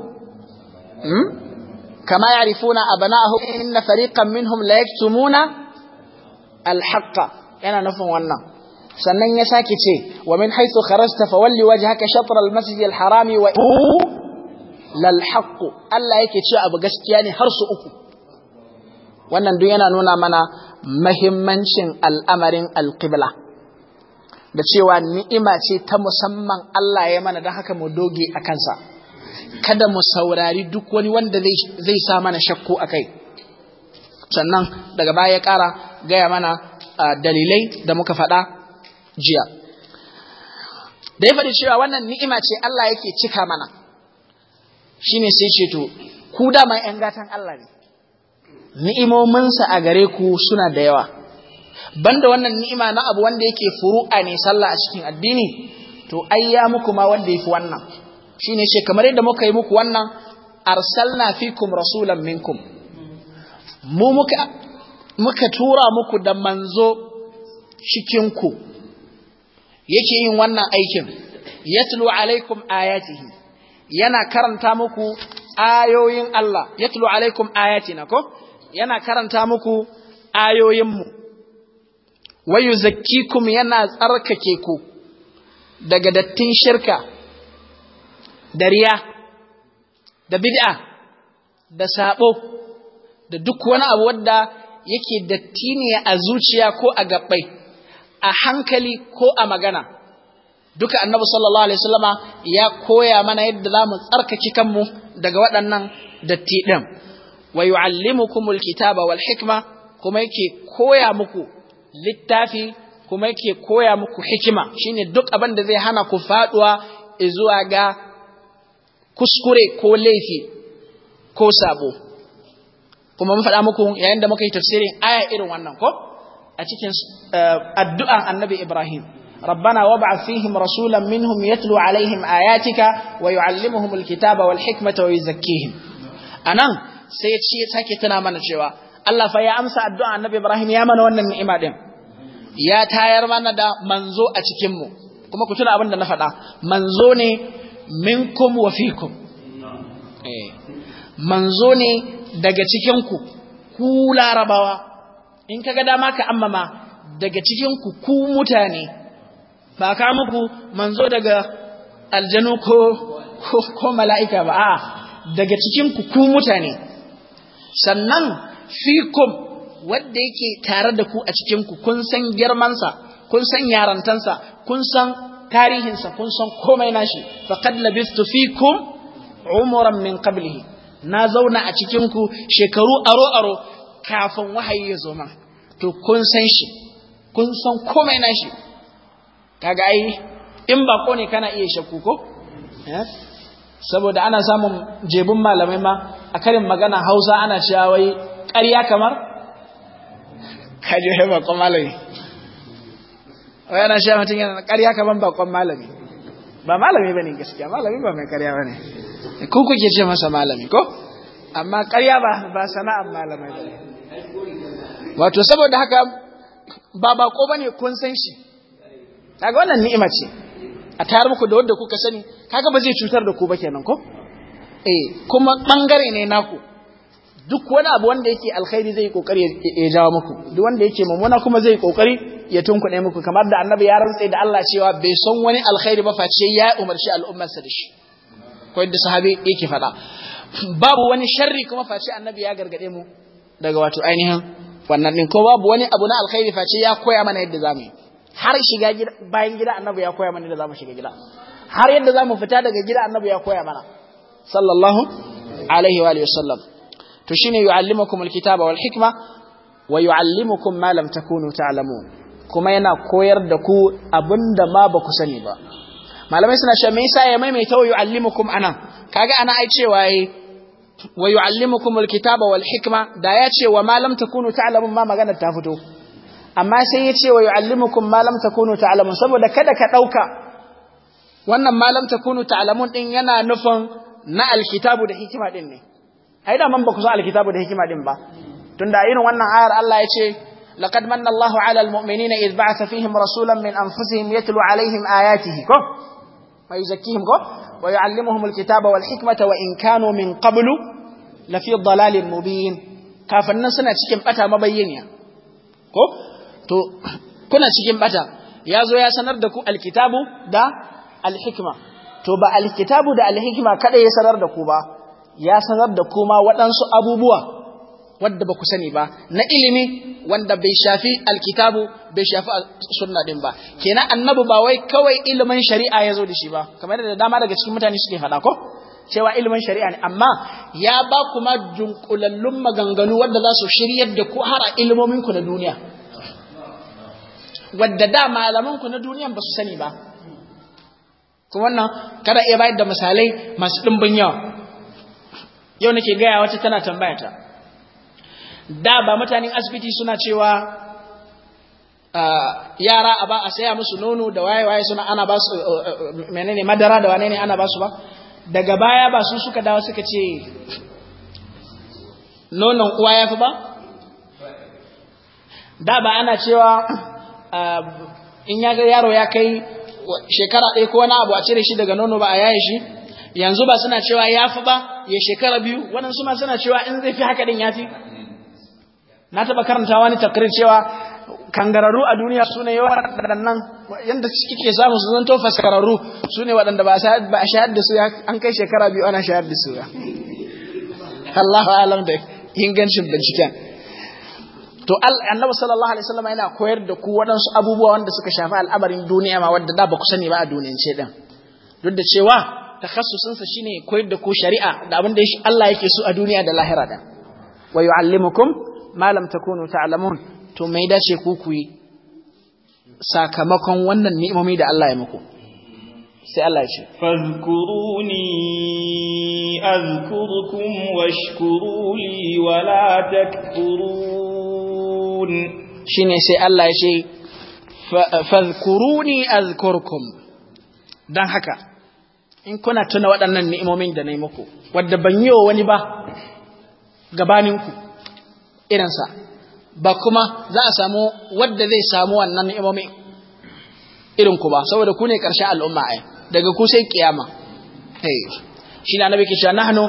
kama ya'rifuna abna'ahum inna fariqan minhum la yaktumuna al-haqqa yana nufin wannan sannan ya sake ce wa min haisu kharajta fawalli wajhaka shatr al-masjid al-harami wa lal haqqu Allah yake cewa abu gaskiya ne har su uku wannan duk yana nuna mana mahimmancin al'amarin alƙibla da cewa ni'ima ce ta musamman Allah ya mana don haka mu doge a kansa kada mu saurari duk wani wanda zai sa mana shakku a kai sannan daga baya ya kara gaya mana dalilai da muka faɗa jiya da ya faɗi cewa wannan ni'ima ce Allah yake cika mana shine sai ce to ku dama 'yan gatan Allah ne ni'imominsa a gare ku suna da yawa banda wannan ni'ima na abu wanda yake furu'a ne sallah a cikin addini to ai ya muku ma wanda yafi wannan shine she kamar yadda muka yi muku wannan arsalna fikum rasulan minkum mu muka muka tura muku da manzo cikin ku yake yin wannan aikin yatlu alaikum ayatihi yana karanta muku ayoyin Allah ya yatlu alaikum ayatina ko yana karanta muku ayoyinmu wa yuzakkikum yana tsarkake ku daga dattin shirka dariya, da bid'a da sabo da duk wani abu wanda yake datti ne a zuciya ko a gabbai a hankali ko a magana duka annabi sallallahu alaihi wasallama ya koya mana yadda zamu tsarkake kanmu daga waɗannan datti din wa yu'allimukumul kitaba wal hikma kuma yake koya muku littafi kuma yake koya muku hikima shine duk abin da zai hana ku faduwa zuwa ga kuskure ko laifi ko sabo kuma mun faɗa muku yayin da muka yi tafsirin aya irin wannan ko a cikin eh, addu'an annabi Ibrahim ربنا وابعث فيهم رسولا منهم يتلو عليهم آياتك ويعلمهم الكتاب والحكمة ويزكيهم أنا سيد شيء ساكتنا من الشواء الله فيا أمسى الدعاء النبي إبراهيم يا من ونن نعمة يا تاير من دا منزو أتكمو كما كنت أبن نفدا منزوني منكم وفيكم منزوني daga cikinku ku larabawa in kaga dama ka amma daga cikinku ku mutane ba ka muku manzo daga aljanu ko ko mala'ika ba a daga cikin ku ku mutane sannan fikum wanda yake tare da ku a cikin ku kun san girmansa kun san yarantansa kun san tarihinsa kun san komai nashi faqad labistu fikum umran min qablihi na zauna a cikin ku shekaru aro aro kafin wahayi ya zo to kun san shi kun san komai nashi kaga ai in bako ne kana iya shakku ko eh? saboda ana samun jebun malamai ma a karin magana hausa ana cewa wai ƙarya kamar kaji wai bakon malami wai ana cewa mutum yana ƙarya kamar bakon malami ba malami ba ne gaskiya malami ba mai ƙarya ba ne ku kuke ce masa malami ko amma ƙarya ba ba sana'ar malamai ba ne wato saboda haka ba bako ba ne kun san shi kaga wannan ni'ima ce a tayar muku da wanda kuka sani kaga ba zai cutar da ku ba kenan ko eh kuma bangare ne naku duk wani abu wanda yake alkhairi zai kokari ya jawo muku duk wanda yake mummuna kuma zai kokari ya tunkuɗe muku kamar da annabi ya rantse da Allah cewa bai son wani alkhairi ba face ya umarci al'ummarsa da shi ko yadda sahabi yake faɗa babu wani sharri kuma face annabi ya gargade mu daga wato ainihin wannan din ko babu wani abu na alkhairi face ya koya mana yadda zamu yi har shiga bayan gida annabi ya koya mana da zamu shiga gida har yadda zamu fita daga gida annabi ya koya mana sallallahu alaihi wa sallam to shine yu'allimukum alkitaba wal hikma wa yu'allimukum ma lam takunu ta'lamun kuma yana koyar da ku abinda ma ba ku sani ba malamai suna cewa me yasa ya maimaita wa yu'allimukum anan kaga ana ai cewa yi eh, wa yu'allimukum alkitaba wal hikma da ya ce wa ma lam takunu ta'lamun ma magana ta fito amma sai ya ce wa yu'allimukum ma lam takunu ta'lamun saboda kada ka dauka wannan ma lam takunu ta'lamun din yana nufin na alkitabu da hikima din ne ai da man ba ku san alkitabu da hikima din ba tunda irin wannan ayar Allah ya ce laqad manna Allahu 'ala almu'minina idh ba'atha fihim rasulan min anfusihim yatlu 'alayhim ayatihi ko wa yuzakkihim ko wa yu'allimuhum alkitaba wal hikmata wa in kanu min qablu lafi dhalalin mubin nan suna cikin bata mabayyaniya ko to kuna cikin bata ya zo ya sanar da ku alkitabu da alhikma to ba alkitabu da alhikma kada ya sanar da ku ba ya sanar da kuma ma waɗansu abubuwa wadda ba ku sani ba na ilimi wanda bai shafi alkitabu bai shafi sunna din ba kenan annabi ba wai kawai ilimin shari'a ya zo da shi ba kamar da dama daga cikin mutane suke faɗa ko cewa ilimin shari'a ne amma ya ba kuma junkulallun maganganu wadda za su shiryar da ku har a ilmomin ku na duniya wadda da malaman ku na duniyan ba su sani ba Ku wannan kada iya bayar da misalai masu ɗimbin yawa yau nake gaya wata tana tambaya ta da ba mutanen asibiti suna cewa ah, yara a ba a saya musu nono da waye-waye suna ana ba su eh, eh, eh, menene madara da wane ne ana ba su ba daga baya ba su suka dawo suka ce nonon uwa ya fi ba da ba ana cewa Um, in ya ga yaro ya kai shekara ɗaya ko wani abu a cire shi daga nono ba a yaye shi yanzu ba suna cewa ya fi ba ya shekara biyu su ma suna cewa in zai fi haka din ya fi na taɓa karanta wani takrir cewa kangararru a duniya su ne waɗannan yadda kike samu su zanto faskararru su ne waɗanda ba a shayar da su an kai shekara biyu ana shayar da su ba Allahu alam da ingancin binciken to annabi sallallahu alaihi wasallam yana koyar da ku waɗansu abubuwa wanda suka shafi al'amarin duniya ma wanda da ba ku sani ba a duniyance din duk da cewa takasusunsa shine koyar da ku shari'a da abin da Allah yake so a duniya da lahira da wa yu'allimukum ma lam takunu ta'lamun to mai dace ku ku yi sakamakon wannan ni'imomi da Allah ya muku sai Allah ya ce fazkuruni azkurukum washkuruli wala takfurun sai تذكرون شيني سي الله يشي فاذكروني أذكركم دان حكا إن كنا تنا ودنا النئمومين دنا يمكو wani ba gabaninku irinsa ba kuma za a samu wadda zai samu wannan ni'imomi irinku ba saboda ku ne ƙarshen al'umma daga ku sai kiyama shi na nabi kisha nahnu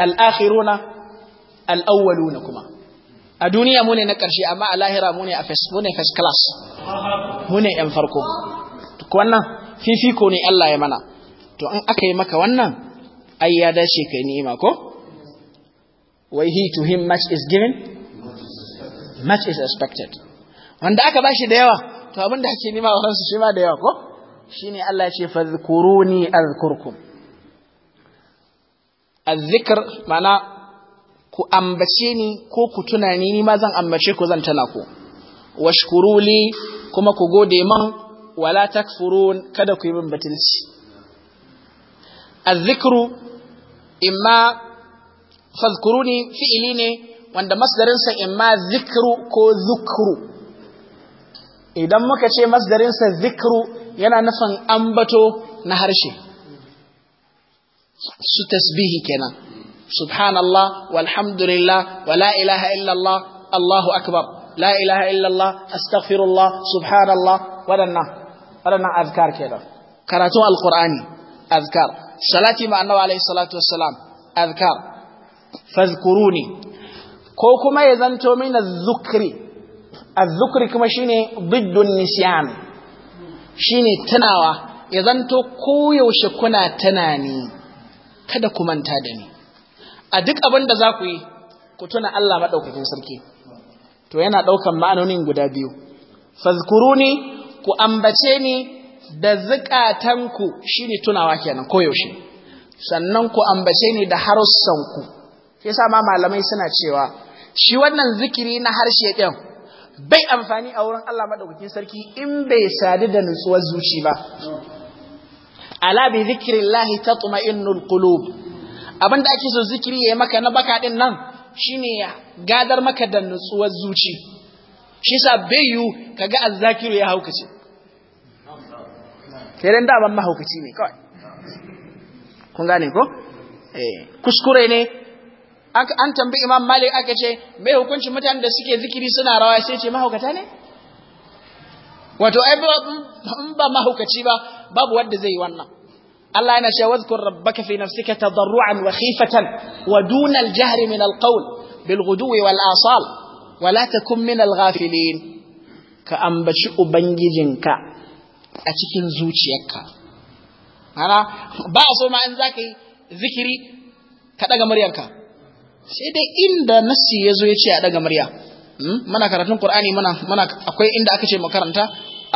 al-akhiruna al-awwaluna kuma a duniya mu ne na ƙarshe amma a lahira mu ne first class mu ne ‘yan farko wannan fifiko ne Allah ya mana to an aka yi maka wannan ai ya dace kai ni'ima ko wai he to him much is given much is expected wanda aka bashi da yawa to abin da ake nima wa su shi ma da yawa ko shine Allah ya ce fadhkuruni azkurkum azzikr mana. ku ambace ni ko ku tuna ni ni ma zan ambace ku zan tana ku washkuru li kuma ku gode man wala takfurun kada ku yi min batilci azzikru imma fazkuruni fi'ili ne wanda masdarinsa imma zikru ko zukru idan muka ce masdarinsa zikru yana nufin ambato na harshe su tasbihi kenan subhanallah walhamdulillah wa la ilaha illallah Allahu akbar la ilaha illallah astaghfirullah subhanallah wadannan wadannan azkar kenan karatun alqur'ani azkar salati ma annabi alayhi salatu wassalam azkar fadhkuruni ko kuma ya zanto min az-zukri az-zukri kuma shine biddun nisyan shine tunawa ya zanto koyaushe kuna tunani kada ku manta da ni a duk abin da za ku yi ku tuna Allah maɗaukakin sarki to yana ɗaukan ma'anonin guda biyu fazkuruni ku ambace ni da zukatanku shine tunawa kenan koyaushe sannan ku ambace ni da harussanku shi yasa ma malamai suna cewa shi wannan zikiri na harshe ɗin bai amfani a wurin Allah maɗaukakin sarki in bai sadu da nutsuwar zuci ba ala bi zikrillahi tatma'innul qulub abin da ake so zikiri ya yi maka na baka ɗin nan shine ya gadar maka da nutsuwar zuci shi sa bayu kaga azzakiru ya haukace ke dan da ban mahaukaci ne kawai kun gane ko eh kuskure ne an tambi imam malik aka ce mai hukuncin mutanen da suke zikiri suna rawa sai ce mahaukata ne wato ai ba mahaukaci ba babu wanda zai yi wannan Allah yana cewa wadhkur rabbaka fi nafsika tadarruan wa khifatan wa duna al-jahr min al-qawl bil ghuduwi wal asal wa la takun min al-ghafilin ka ambaci ubangijinka a cikin zuciyarka ana ba so ma in zaka yi zikiri ka daga muryarka sai dai inda nasi yazo yace ce a daga murya hmm? muna karatun Qur'ani muna akwai inda aka ce makaranta karanta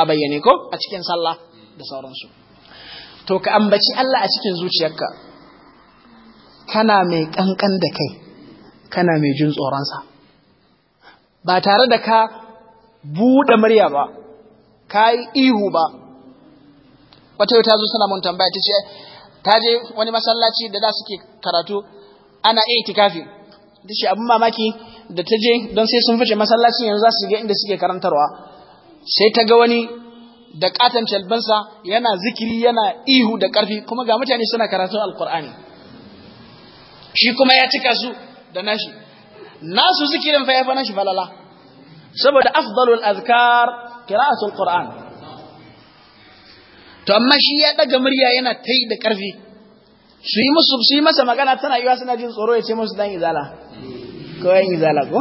a bayyane ko a cikin sallah da sauransu to ka ambaci Allah a cikin zuciyarka kana mai kankan da kai kana mai jin tsoronsa ba tare da ka buɗe murya ba ka yi ihu ba wata yau ta zo suna mun tambaya ta ce ta je wani masallaci da za suke karatu ana iya itikafi ta ce abin mamaki da ta je don sai sun fice masallaci yanzu za su ga inda suke karantarwa sai ta ga wani da ƙaton calbansa yana zikiri yana ihu da ƙarfi kuma ga mutane suna karatun alkur'ani shi kuma ya cika su da nashi nasu zikirin fa ya fa nashi falala saboda afdalul azkar qira'atul qur'an to amma shi ya daga murya yana tai da ƙarfi su yi musu su yi masa magana tana yiwa suna jin tsoro ya ce musu dan izala ko yan izala ko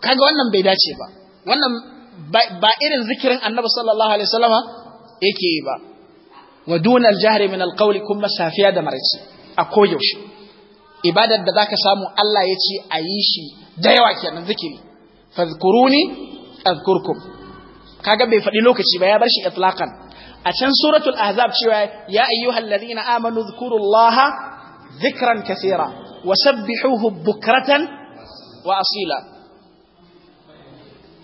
kaga wannan bai dace ba wannan ba irin zikirin annabi sallallahu alaihi wasallama yake yi ba wa dunal jahri min alqawli kuma safiya da maraice a koyaushe ibadar da zaka samu Allah ya ce a yi shi da yawa kenan zikiri fadhkuruni Ka kaga bai faɗi lokaci ba ya bar shi itlaqan a can suratul ahzab cewa ya ayyuhal ladina amanu dhkurullaha dhikran kaseera wasabbihuhu bukratan wa asila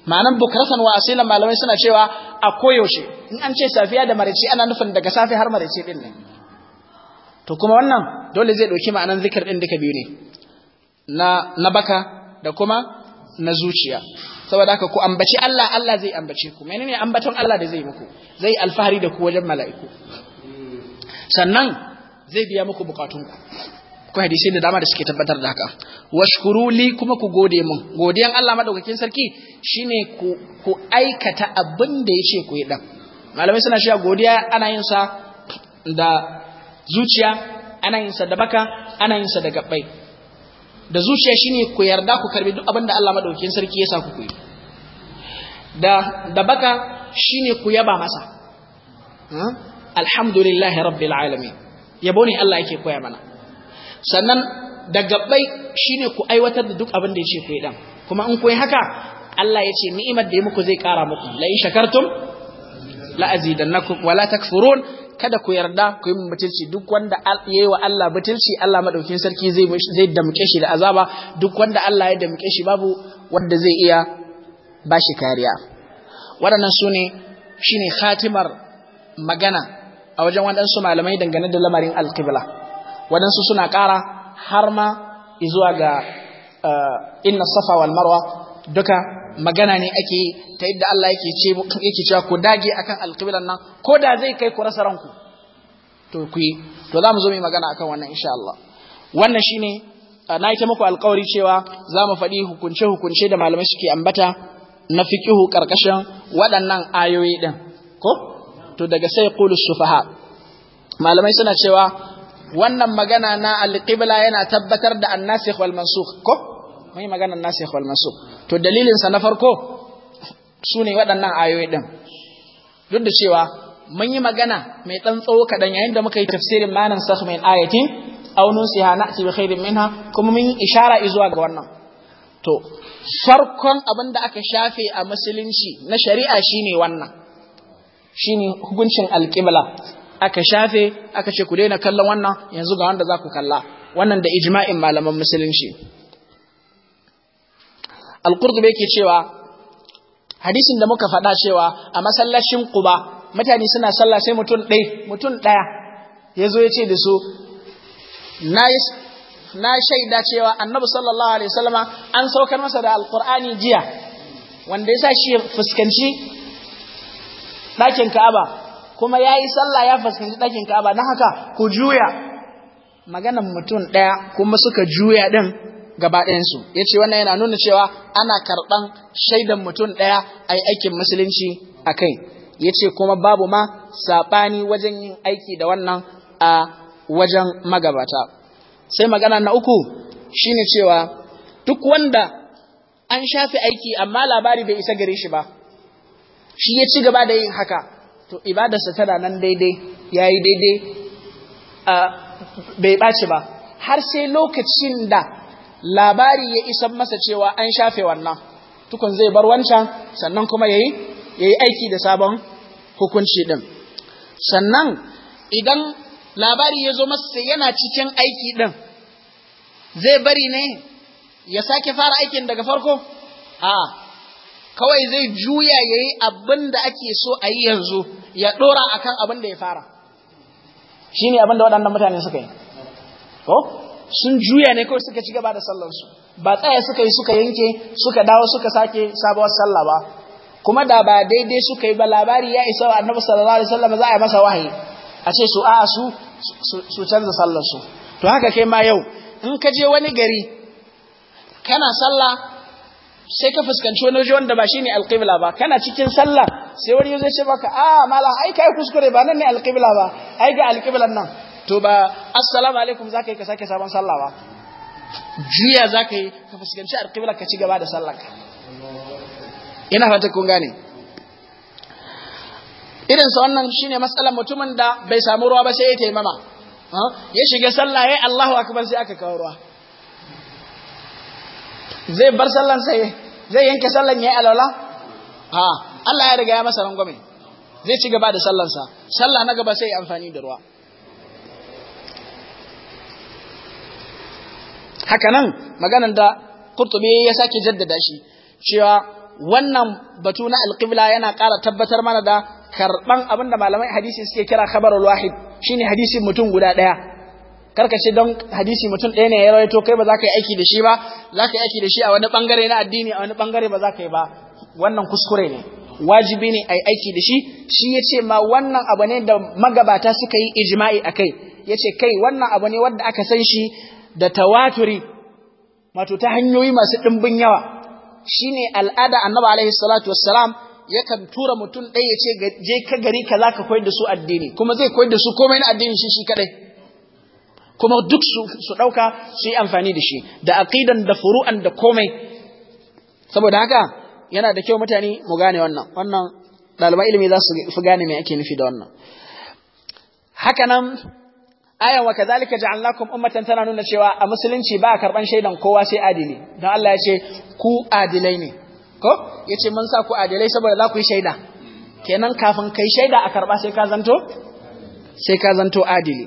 ma'anar bukrasan wa asilan malamai suna cewa a koyaushe in an ce safiya da maraice ana nufin daga safe har maraice din ne to kuma wannan dole zai ɗauki ma'anan zikir ɗin duka biyu ne na baka da kuma na zuciya saboda haka ku ambaci Allah Allah zai ambace ku menene ambaton Allah da zai muku zai alfahari da ku wajen mala'iku sannan zai biya muku bukatunku Ku hadisi da dama da suke tabbatar da haka washkuru li kuma ku gode mun godiyan Allah madaukakin sarki shine ku ku aikata abin da yace ku yi dan malamai suna shi godiya ana yin sa da zuciya ana yin sa da baka ana yin sa da gabbai da zuciya shine ku yarda ku karbi duk abin da Allah madaukakin sarki ya sa ku yi da da baka shine ku yaba masa hmm? alhamdulillahi rabbil alamin yabo ne Allah yake koya mana sannan da gabbai shine ku aiwatar da duk abin da ya ce ku yi dan kuma in ku yi haka Allah ya ce ni'imar da ya muku zai kara muku la in shakartum la azidannakum wa la takfurun kada ku yarda ku yi mutunci duk wanda yayi wa Allah mutunci Allah madaukin sarki zai zai shi da azaba duk wanda Allah ya damke shi babu wanda zai iya bashi kariya waɗannan sune shine khatimar magana a wajen waɗansu malamai dangane da lamarin alqibla waɗansu suna ƙara har ma izuwa ga eh, inna safa wal marwa duka magana ne ake ta yadda Allah yake ce yake cewa ku dage akan alqiblan nan ko da zai kai ku rasa ranku to ku to za mu zo mu magana akan wannan insha Allah wannan shine eh, na yi muku alƙawari cewa za mu faɗi hukunce-hukunce da malamai suke ambata na fiqihu ƙarƙashin waɗannan ayoyi din ko to daga sai ƙulu sufaha malamai suna cewa wannan magana na alƙibla yana tabbatar da annasikh wal mansukh ko mai magana annasikh wal mansukh to dalilin sa na farko sune waɗannan ayoyi din duk da cewa mun yi magana mai dan tsawo kadan yayin da muka yi tafsirin manan sakh min ayatin aw nusiha na'ti bi khairin minha kuma mun yi ishara zuwa ga wannan to farkon abin da aka shafe a musulunci na shari'a shine wannan shine hukuncin alƙibla aka shafe aka ce ku daina kallon wannan yanzu ga wanda za ku kalla wannan da ijma'in malaman musulunci al-qurtubi yake cewa hadisin da muka faɗa cewa a masallacin kuba mutane suna sallah sai mutum ɗaya mutum ɗaya ya zo ya ce da su na shaida cewa annabi sallallahu alaihi wasallama an saukar masa da alkur'ani jiya wanda ya sa shi fuskanci ɗakin ka'aba kuma ya yi sallah ya fuskanci ɗakin ka'aba na haka ku juya maganan mutum ɗaya kuma suka juya ɗin gaba ɗayansu ya ce wannan yana nuna cewa ana karɓan shaidan mutum ɗaya a aikin musulunci a kai ya ce kuma babu ma saɓani wajen yin aiki da wannan a wajen magabata sai magana na uku shine cewa duk wanda an shafi aiki amma labari bai isa gare shi ba shi ya ci gaba da yin haka to ibadarsa tana nan daidai ya yi daidai bai ɓaci ba har sai lokacin da labari ya isa masa cewa an shafe wannan tukun zai bar wancan sannan kuma ya yi aiki da sabon hukunci ɗin sannan idan labari ya zo masa sai yana cikin aiki ɗin zai bari ne ya sake fara aikin daga farko A'a. kawai zai juya ya yi abin da ake so a yi yanzu ya ɗora a kan abin da ya fara shi ne abin da waɗannan mutane suka yi ko sun juya ne kawai suka ci gaba da sallarsu ba tsaya suka yi suka yanke suka dawo suka sake sabuwar sallah ba kuma da ba daidai suka yi ba labari ya isa wa annabi sallallahu alaihi wasallam za a yi masa wahayi a ce su a su su canza sallarsu to haka kai ma yau in ka je wani gari kana sallah sai ka fuskanci wani waje wanda ba ne alƙibla ba kana cikin sallah sai wani zai ce maka a ah, malam ai kai kuskure ba nan ne alƙibla ba ai ga alqiblan nan to ba assalamu alaikum zaka yi ka sake sabon sallah ba juya zaka yi ka fuskanci alƙibla ka ci gaba da sallanka ina fata kun gane irin sa wannan shine matsalar mutumin da bai samu ruwa ba sai ya taimama ya shiga sallah ya Allahu akbar sai aka kawo ruwa zai bar sallan sai zai yanke sallan ya yi alola? Ha, Allah ya riga ya masa rangwame zai ci gaba da sallansa sallah na gaba sai ya amfani da ruwa hakanan maganan da Qurtubi ya sake jaddada shi cewa wannan batu na alƙibla yana ƙara tabbatar mana da karɓan abin da malamai hadisi suke kira khabarul wahid shine hadisin mutum guda ɗaya Karka ce don hadisi mutum ɗaya ne ya rawaito kai ba za ka yi aiki da shi ba za ka yi aiki da shi a wani ɓangare na addini a wani ɓangare ba za ka yi ba wannan kuskure ne wajibi ne a yi aiki da shi shi ya ce ma wannan abu ne da magabata suka yi ijma'i a kai ya ce kai wannan abu ne wanda aka san shi da tawaturi wato ta hanyoyi masu ɗimbin yawa shi ne al'ada annabi alaihi salatu wassalam yakan tura mutum ɗaya ya ce je ka gari kaza ka koyar da su addini kuma zai koyar da su komai na addini shi shi kaɗai kuma duk su ɗauka su yi amfani da shi da aqidan da furu'an da komai saboda haka yana da kyau mutane mu gane wannan wannan ɗaliban ilimi za su fi gane me ake nufi da wannan haka nan ayan wa kazalika ja'alnakum ummatan tana nuna cewa a musulunci ba a karban shaidan kowa sai adili don Allah ya ce ku adilai ne ko yace mun sa ku adilai saboda za ku yi shaida kenan kafin kai shaida a karba sai ka zanto sai ka zanto adili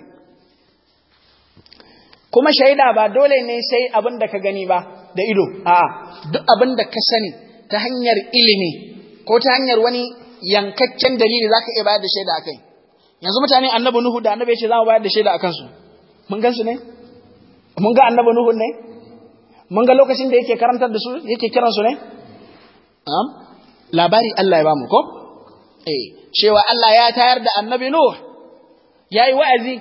kuma shaida ba dole ne sai abin da ka gani ba da ido a'a duk abin da ka sani ta hanyar ilimi ko ta hanyar wani yankaccen dalili zaka iya bayar da shaida akai yanzu mutane annabi nuhu da annabi yace za mu bayar da shaida akan su mun gan su ne mun ga annabi nuhu ne mun ga lokacin da yake karantar da su yake kiran su ne am labari Allah ya ba mu ko eh cewa Allah ya tayar da annabi nuhu yayi wa'azi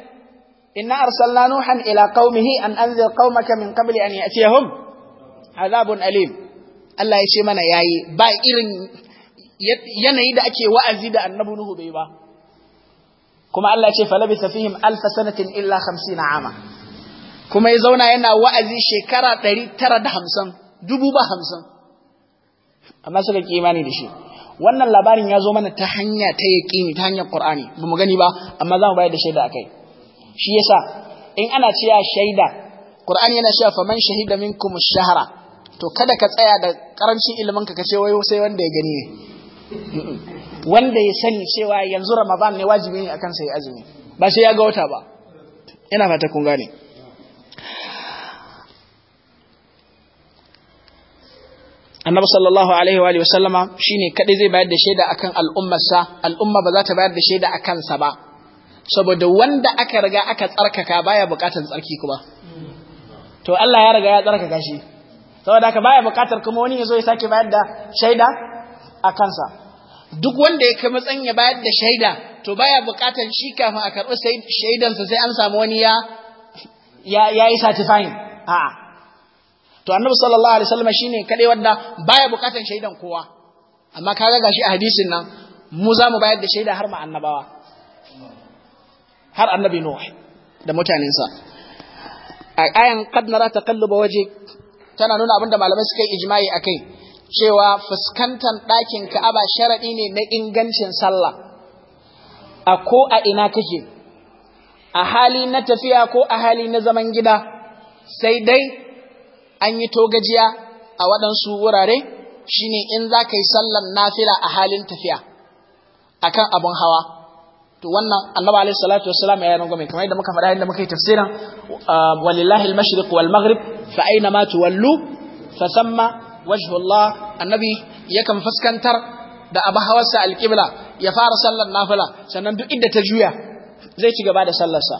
inna arsalna nuhan ila qaumihi an anzir qaumaka min qabli an ya'tiyahum azabun alim Allah ya ce mana yayi ba irin yanayi da ake wa'azi da annabi nuhu bai ba kuma Allah ya ce falabisa fihim alf sanatin illa 50 ama kuma ya zauna yana wa'azi shekara 950 dubu ba 50 amma suka ki da shi wannan labarin ya zo mana ta hanya ta yaƙini ta hanyar Qur'ani ba mu gani ba amma za mu bayar da a kai. shi yasa in ana cewa shaida Qur'ani yana cewa faman shahida minkum shahara to kada ka tsaya da karancin ilimin ka kace wai sai wanda ya gani ne wanda ya sani cewa yanzu Ramadan ne wajibi ne akan sai azumi ba sai ya ga wata ba ina fata kun gane annabi sallallahu alaihi wa alihi wasallama shine kadai zai bayar da shaida akan al'ummarsa al'umma ba za ta bayar da shaida akan sa ba saboda wanda aka riga aka tsarkaka baya bukatar tsarki kuma to Allah ya riga ya tsarkaka shi saboda haka baya bukatar kuma wani yazo zo ya sake bayar da shaida a kansa duk wanda ya kai matsayin ya bayar da shaida to baya bukatar shi kafin a karɓi sa sai an samu wani ya ya yi satifyin a'a to annabi sallallahu alaihi wasallam shine kadai wanda baya bukatar shaidan kowa amma kaga gashi a hadisin nan mu za mu bayar da shaida har ma annabawa har annabi Nuh da mutanensa a ayan qad nara taqalluba wajhik tana nuna abinda malamai suka yi ijma'i akai cewa fuskantan ɗakin Ka'aba sharadi ne na ingancin sallah a ko a ina kake a hali na tafiya ko a hali na zaman gida sai dai an yi togajiya a waɗansu wurare shine in za ka yi sallar nafila a halin tafiya akan abun hawa to wannan annabi alaihi salatu wassalam ya rango mai kamar yadda muka faɗa yadda muka yi tafsirin uh, walillahi al-mashriq wal maghrib fa aina ma tuwallu fa wajhu Allah annabi yakan fuskantar da abu hawarsa alqibla ya fara sallar nafila sannan duk inda ta juya zai ci gaba da sallarsa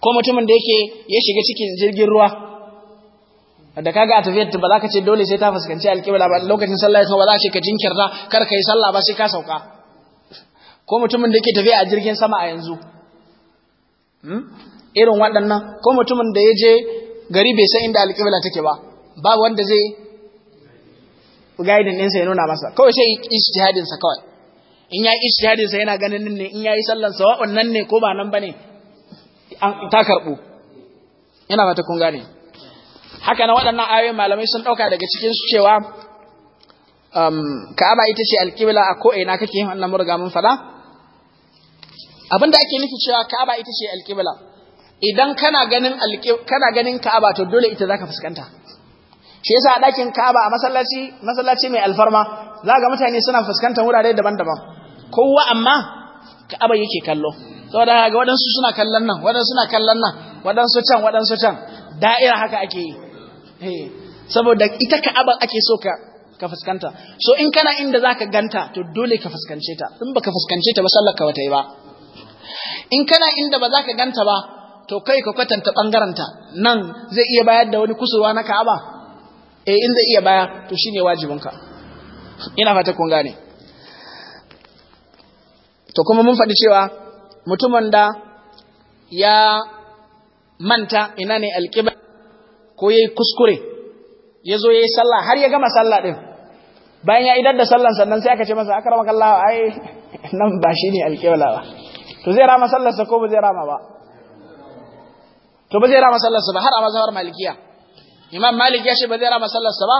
ko mutumin da yake ya shiga cikin jirgin ruwa da kaga a tafiyar ba za ka ce dole sai ta fuskanci alqibla ba lokacin sallah ya ba za a ce ka jinkirta kar ka yi sallah ba sai ka sauka ko mutumin da yake tafiya a jirgin sama a yanzu hmm? irin waɗannan ko mutumin da ya je gari bai san inda alƙibla take ba ba wanda zai gaidin ɗinsa ya nuna masa kawai sai ijtihadinsa kawai in ya yi ijtihadinsa yana ganin ne in ya yi sallansa wa'un nan ne ko ba nan ba ne ta karɓu yana mata kun gane haka na waɗannan ayoyin malamai sun ɗauka daga cikin su cewa um, ka'aba ita ce alƙibla a ko'ina kake yin wannan murga mun faɗa abinda ake nufi cewa Ka'aba ita ce alƙibla idan kana ganin kana ganin Ka'aba to dole ita zaka fuskanta shi yasa ɗakin Ka'aba a masallaci masallaci mai alfarma zaka mutane suna fuskantar wurare daban-daban kowa amma Ka'aba yake kallo saboda ga waɗansu suna kallon nan waɗansu suna kallon nan waɗansu can waɗansu can da'ira haka ake yi eh, saboda ita Ka'aba ake so ka ka fuskanta so in kana inda zaka ganta to dole ka fuskance ta in baka fuskance ta ba sallar ka bata yi ba in kana inda ba za ka ganta ba to kai ka kwatanta ɓangaranta nan zai iya bayar da wani kusurwa na ka'aba eh in zai iya baya to shine wajibinka ina fata kun gane to kuma mun faɗi cewa mutumin da ya manta ina ne alƙiba ko yayi kuskure ya zo ya yi sallah har ya gama sallah din. bayan ya idar da sallan sannan sai aka ce masa aka ai nan ba shi ne ba to zai rama sallarsa ko ba zai rama ba to ba zai rama sallarsa ba har a mazhabar malikiya imam malik ya ce ba zai rama sallarsa ba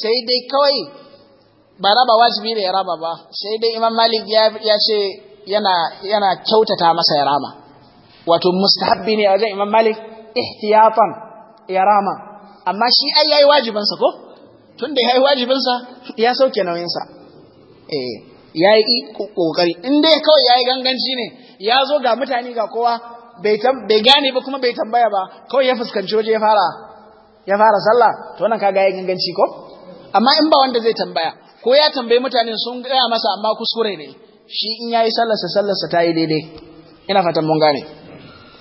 sai dai kawai ba raba wajibi da ya raba ba sai dai imam malik ya ce yana yana kyautata masa ya rama wato mustahabbi ne a wajen imam malik ihtiyatan ya rama amma shi ai yayi wajibinsa ko tunda yayi wajibinsa ya sauke nauyinsa eh ya yi ƙoƙari in dai kawai ya yi ganganci ne ya zo ga mutane ga kowa bai gane ba kuma bai tambaya ba kawai ya fuskanci waje ya fara ya fara sallah to wannan kaga ya ganganci ko amma in ba wanda zai tambaya ko ya tambayi mutane sun gaya masa amma kuskure ne shi in ya yi sallarsa sallarsa ta yi daidai ina fatan mun gane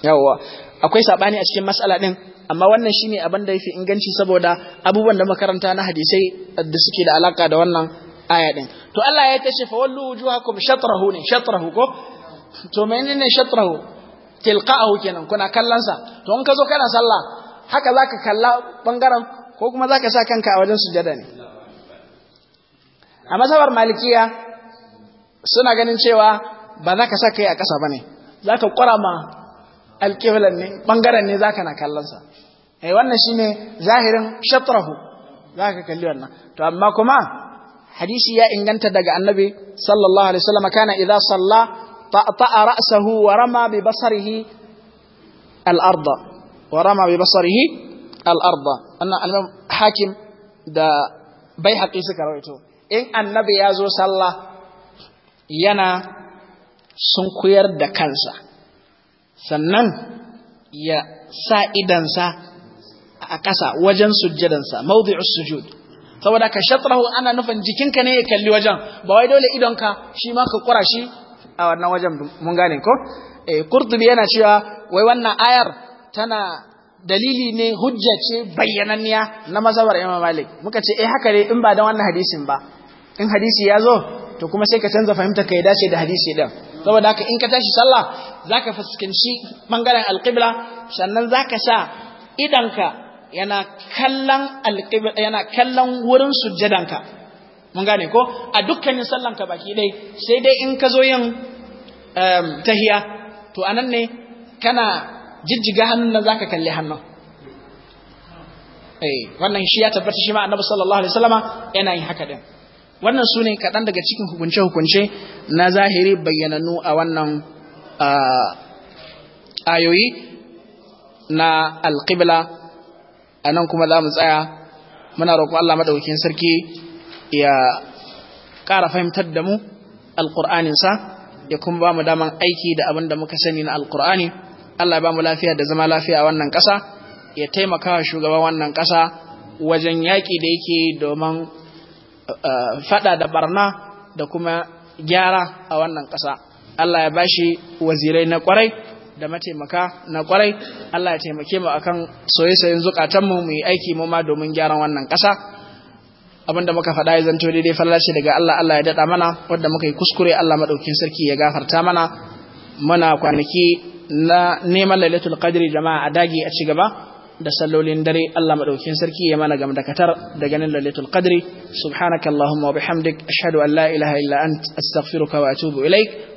yawwa akwai saɓani a cikin matsala ɗin amma wannan shi ne abin da fi inganci saboda abubuwan da makaranta na hadisai da suke da alaka da wannan aya ɗin to Allah ya tashi fa wallu wujuhakum shatrahu ne shatrahu ko to menene shatrahu tilqa'ahu kenan kuna kallon sa to in ka zo kana sallah haka zaka kalla bangaren ko kuma zaka sa kanka a wajen sujada ne a mazhabar malikiya suna ganin cewa ba za ka sa kai a ƙasa bane zaka ma alqiblan ne bangaren ne zaka na kallonsa, sa eh wannan shine zahirin shatrahu ka kalli wannan to amma kuma hadisi ya inganta daga annabi sallallahu alaihi wasallam kana idza salla ta'ta'a ra'sahu wa rama bi basarihi al-arda wa rama bi basarihi al hakim da baihaqi suka rawaito in annabi ya zo sallah yana sunkuyar da kansa sannan ya sa a ƙasa wajen sujjadansa mawdi'us sujud saboda ka shatrahu ana nufin jikinka ne ya kalli wajen ba wai dole idonka shi ma ka kura shi a wannan wajen mun gane ko eh qurtubi yana cewa wai wannan ayar tana dalili ne hujja ce bayyananniya na mazhabar Imam Malik muka ce eh haka ne in ba da wannan hadisin ba in hadisi ya zo to kuma sai ka canza fahimta ka ya dace da hadisi din saboda haka in ka tashi sallah zaka fuskanci bangaren alqibla sannan zaka sa idanka yana kallon alƙibla yana kallon wurin sujjadanka mun gane ko a dukkanin ka baki dai sai dai in ka zo yin ehm, tahiya to anan ne kana jijjiga hannun nan zaka kalli hannun eh wannan shi ya tabbata shi ma annabi sallallahu alaihi wasallama yana yin haka din wannan su ne kaɗan daga cikin hukunce-hukunce na zahiri bayyananu a wannan ah, ayoyi na alƙibla a nan kuma za mu tsaya muna roƙo Allah maɗaukin sarki ya ƙara fahimtar da mu alƙur'aninsa ya kuma ba mu daman aiki da abin da muka sani na alƙur'ani Allah ya ba mu lafiya da zama lafiya a wannan ƙasa ya taimaka wa shugaban wannan ƙasa wajen yaƙi da yake domin eh, faɗa da barna da kuma gyara a wannan ƙasa Allah ya bashi wazirai na kwarai. da mataimaka na kwarai Allah ya taimake mu akan soyayyen zukatan mu mu yi aiki mu ma domin gyaran wannan ƙasa abinda muka faɗa ya zanto daidai fallace daga Allah Allah ya daɗa mana wanda muka yi kuskure Allah madaukin sarki ya gafarta mana muna kwanaki na neman lailatul qadri jama'a a dage a ci gaba da sallolin dare Allah madaukakin sarki ya mana gam da katar da ganin lailatul qadri subhanakallahumma wa bihamdik ashhadu an la ilaha illa ant astaghfiruka wa atubu ilaik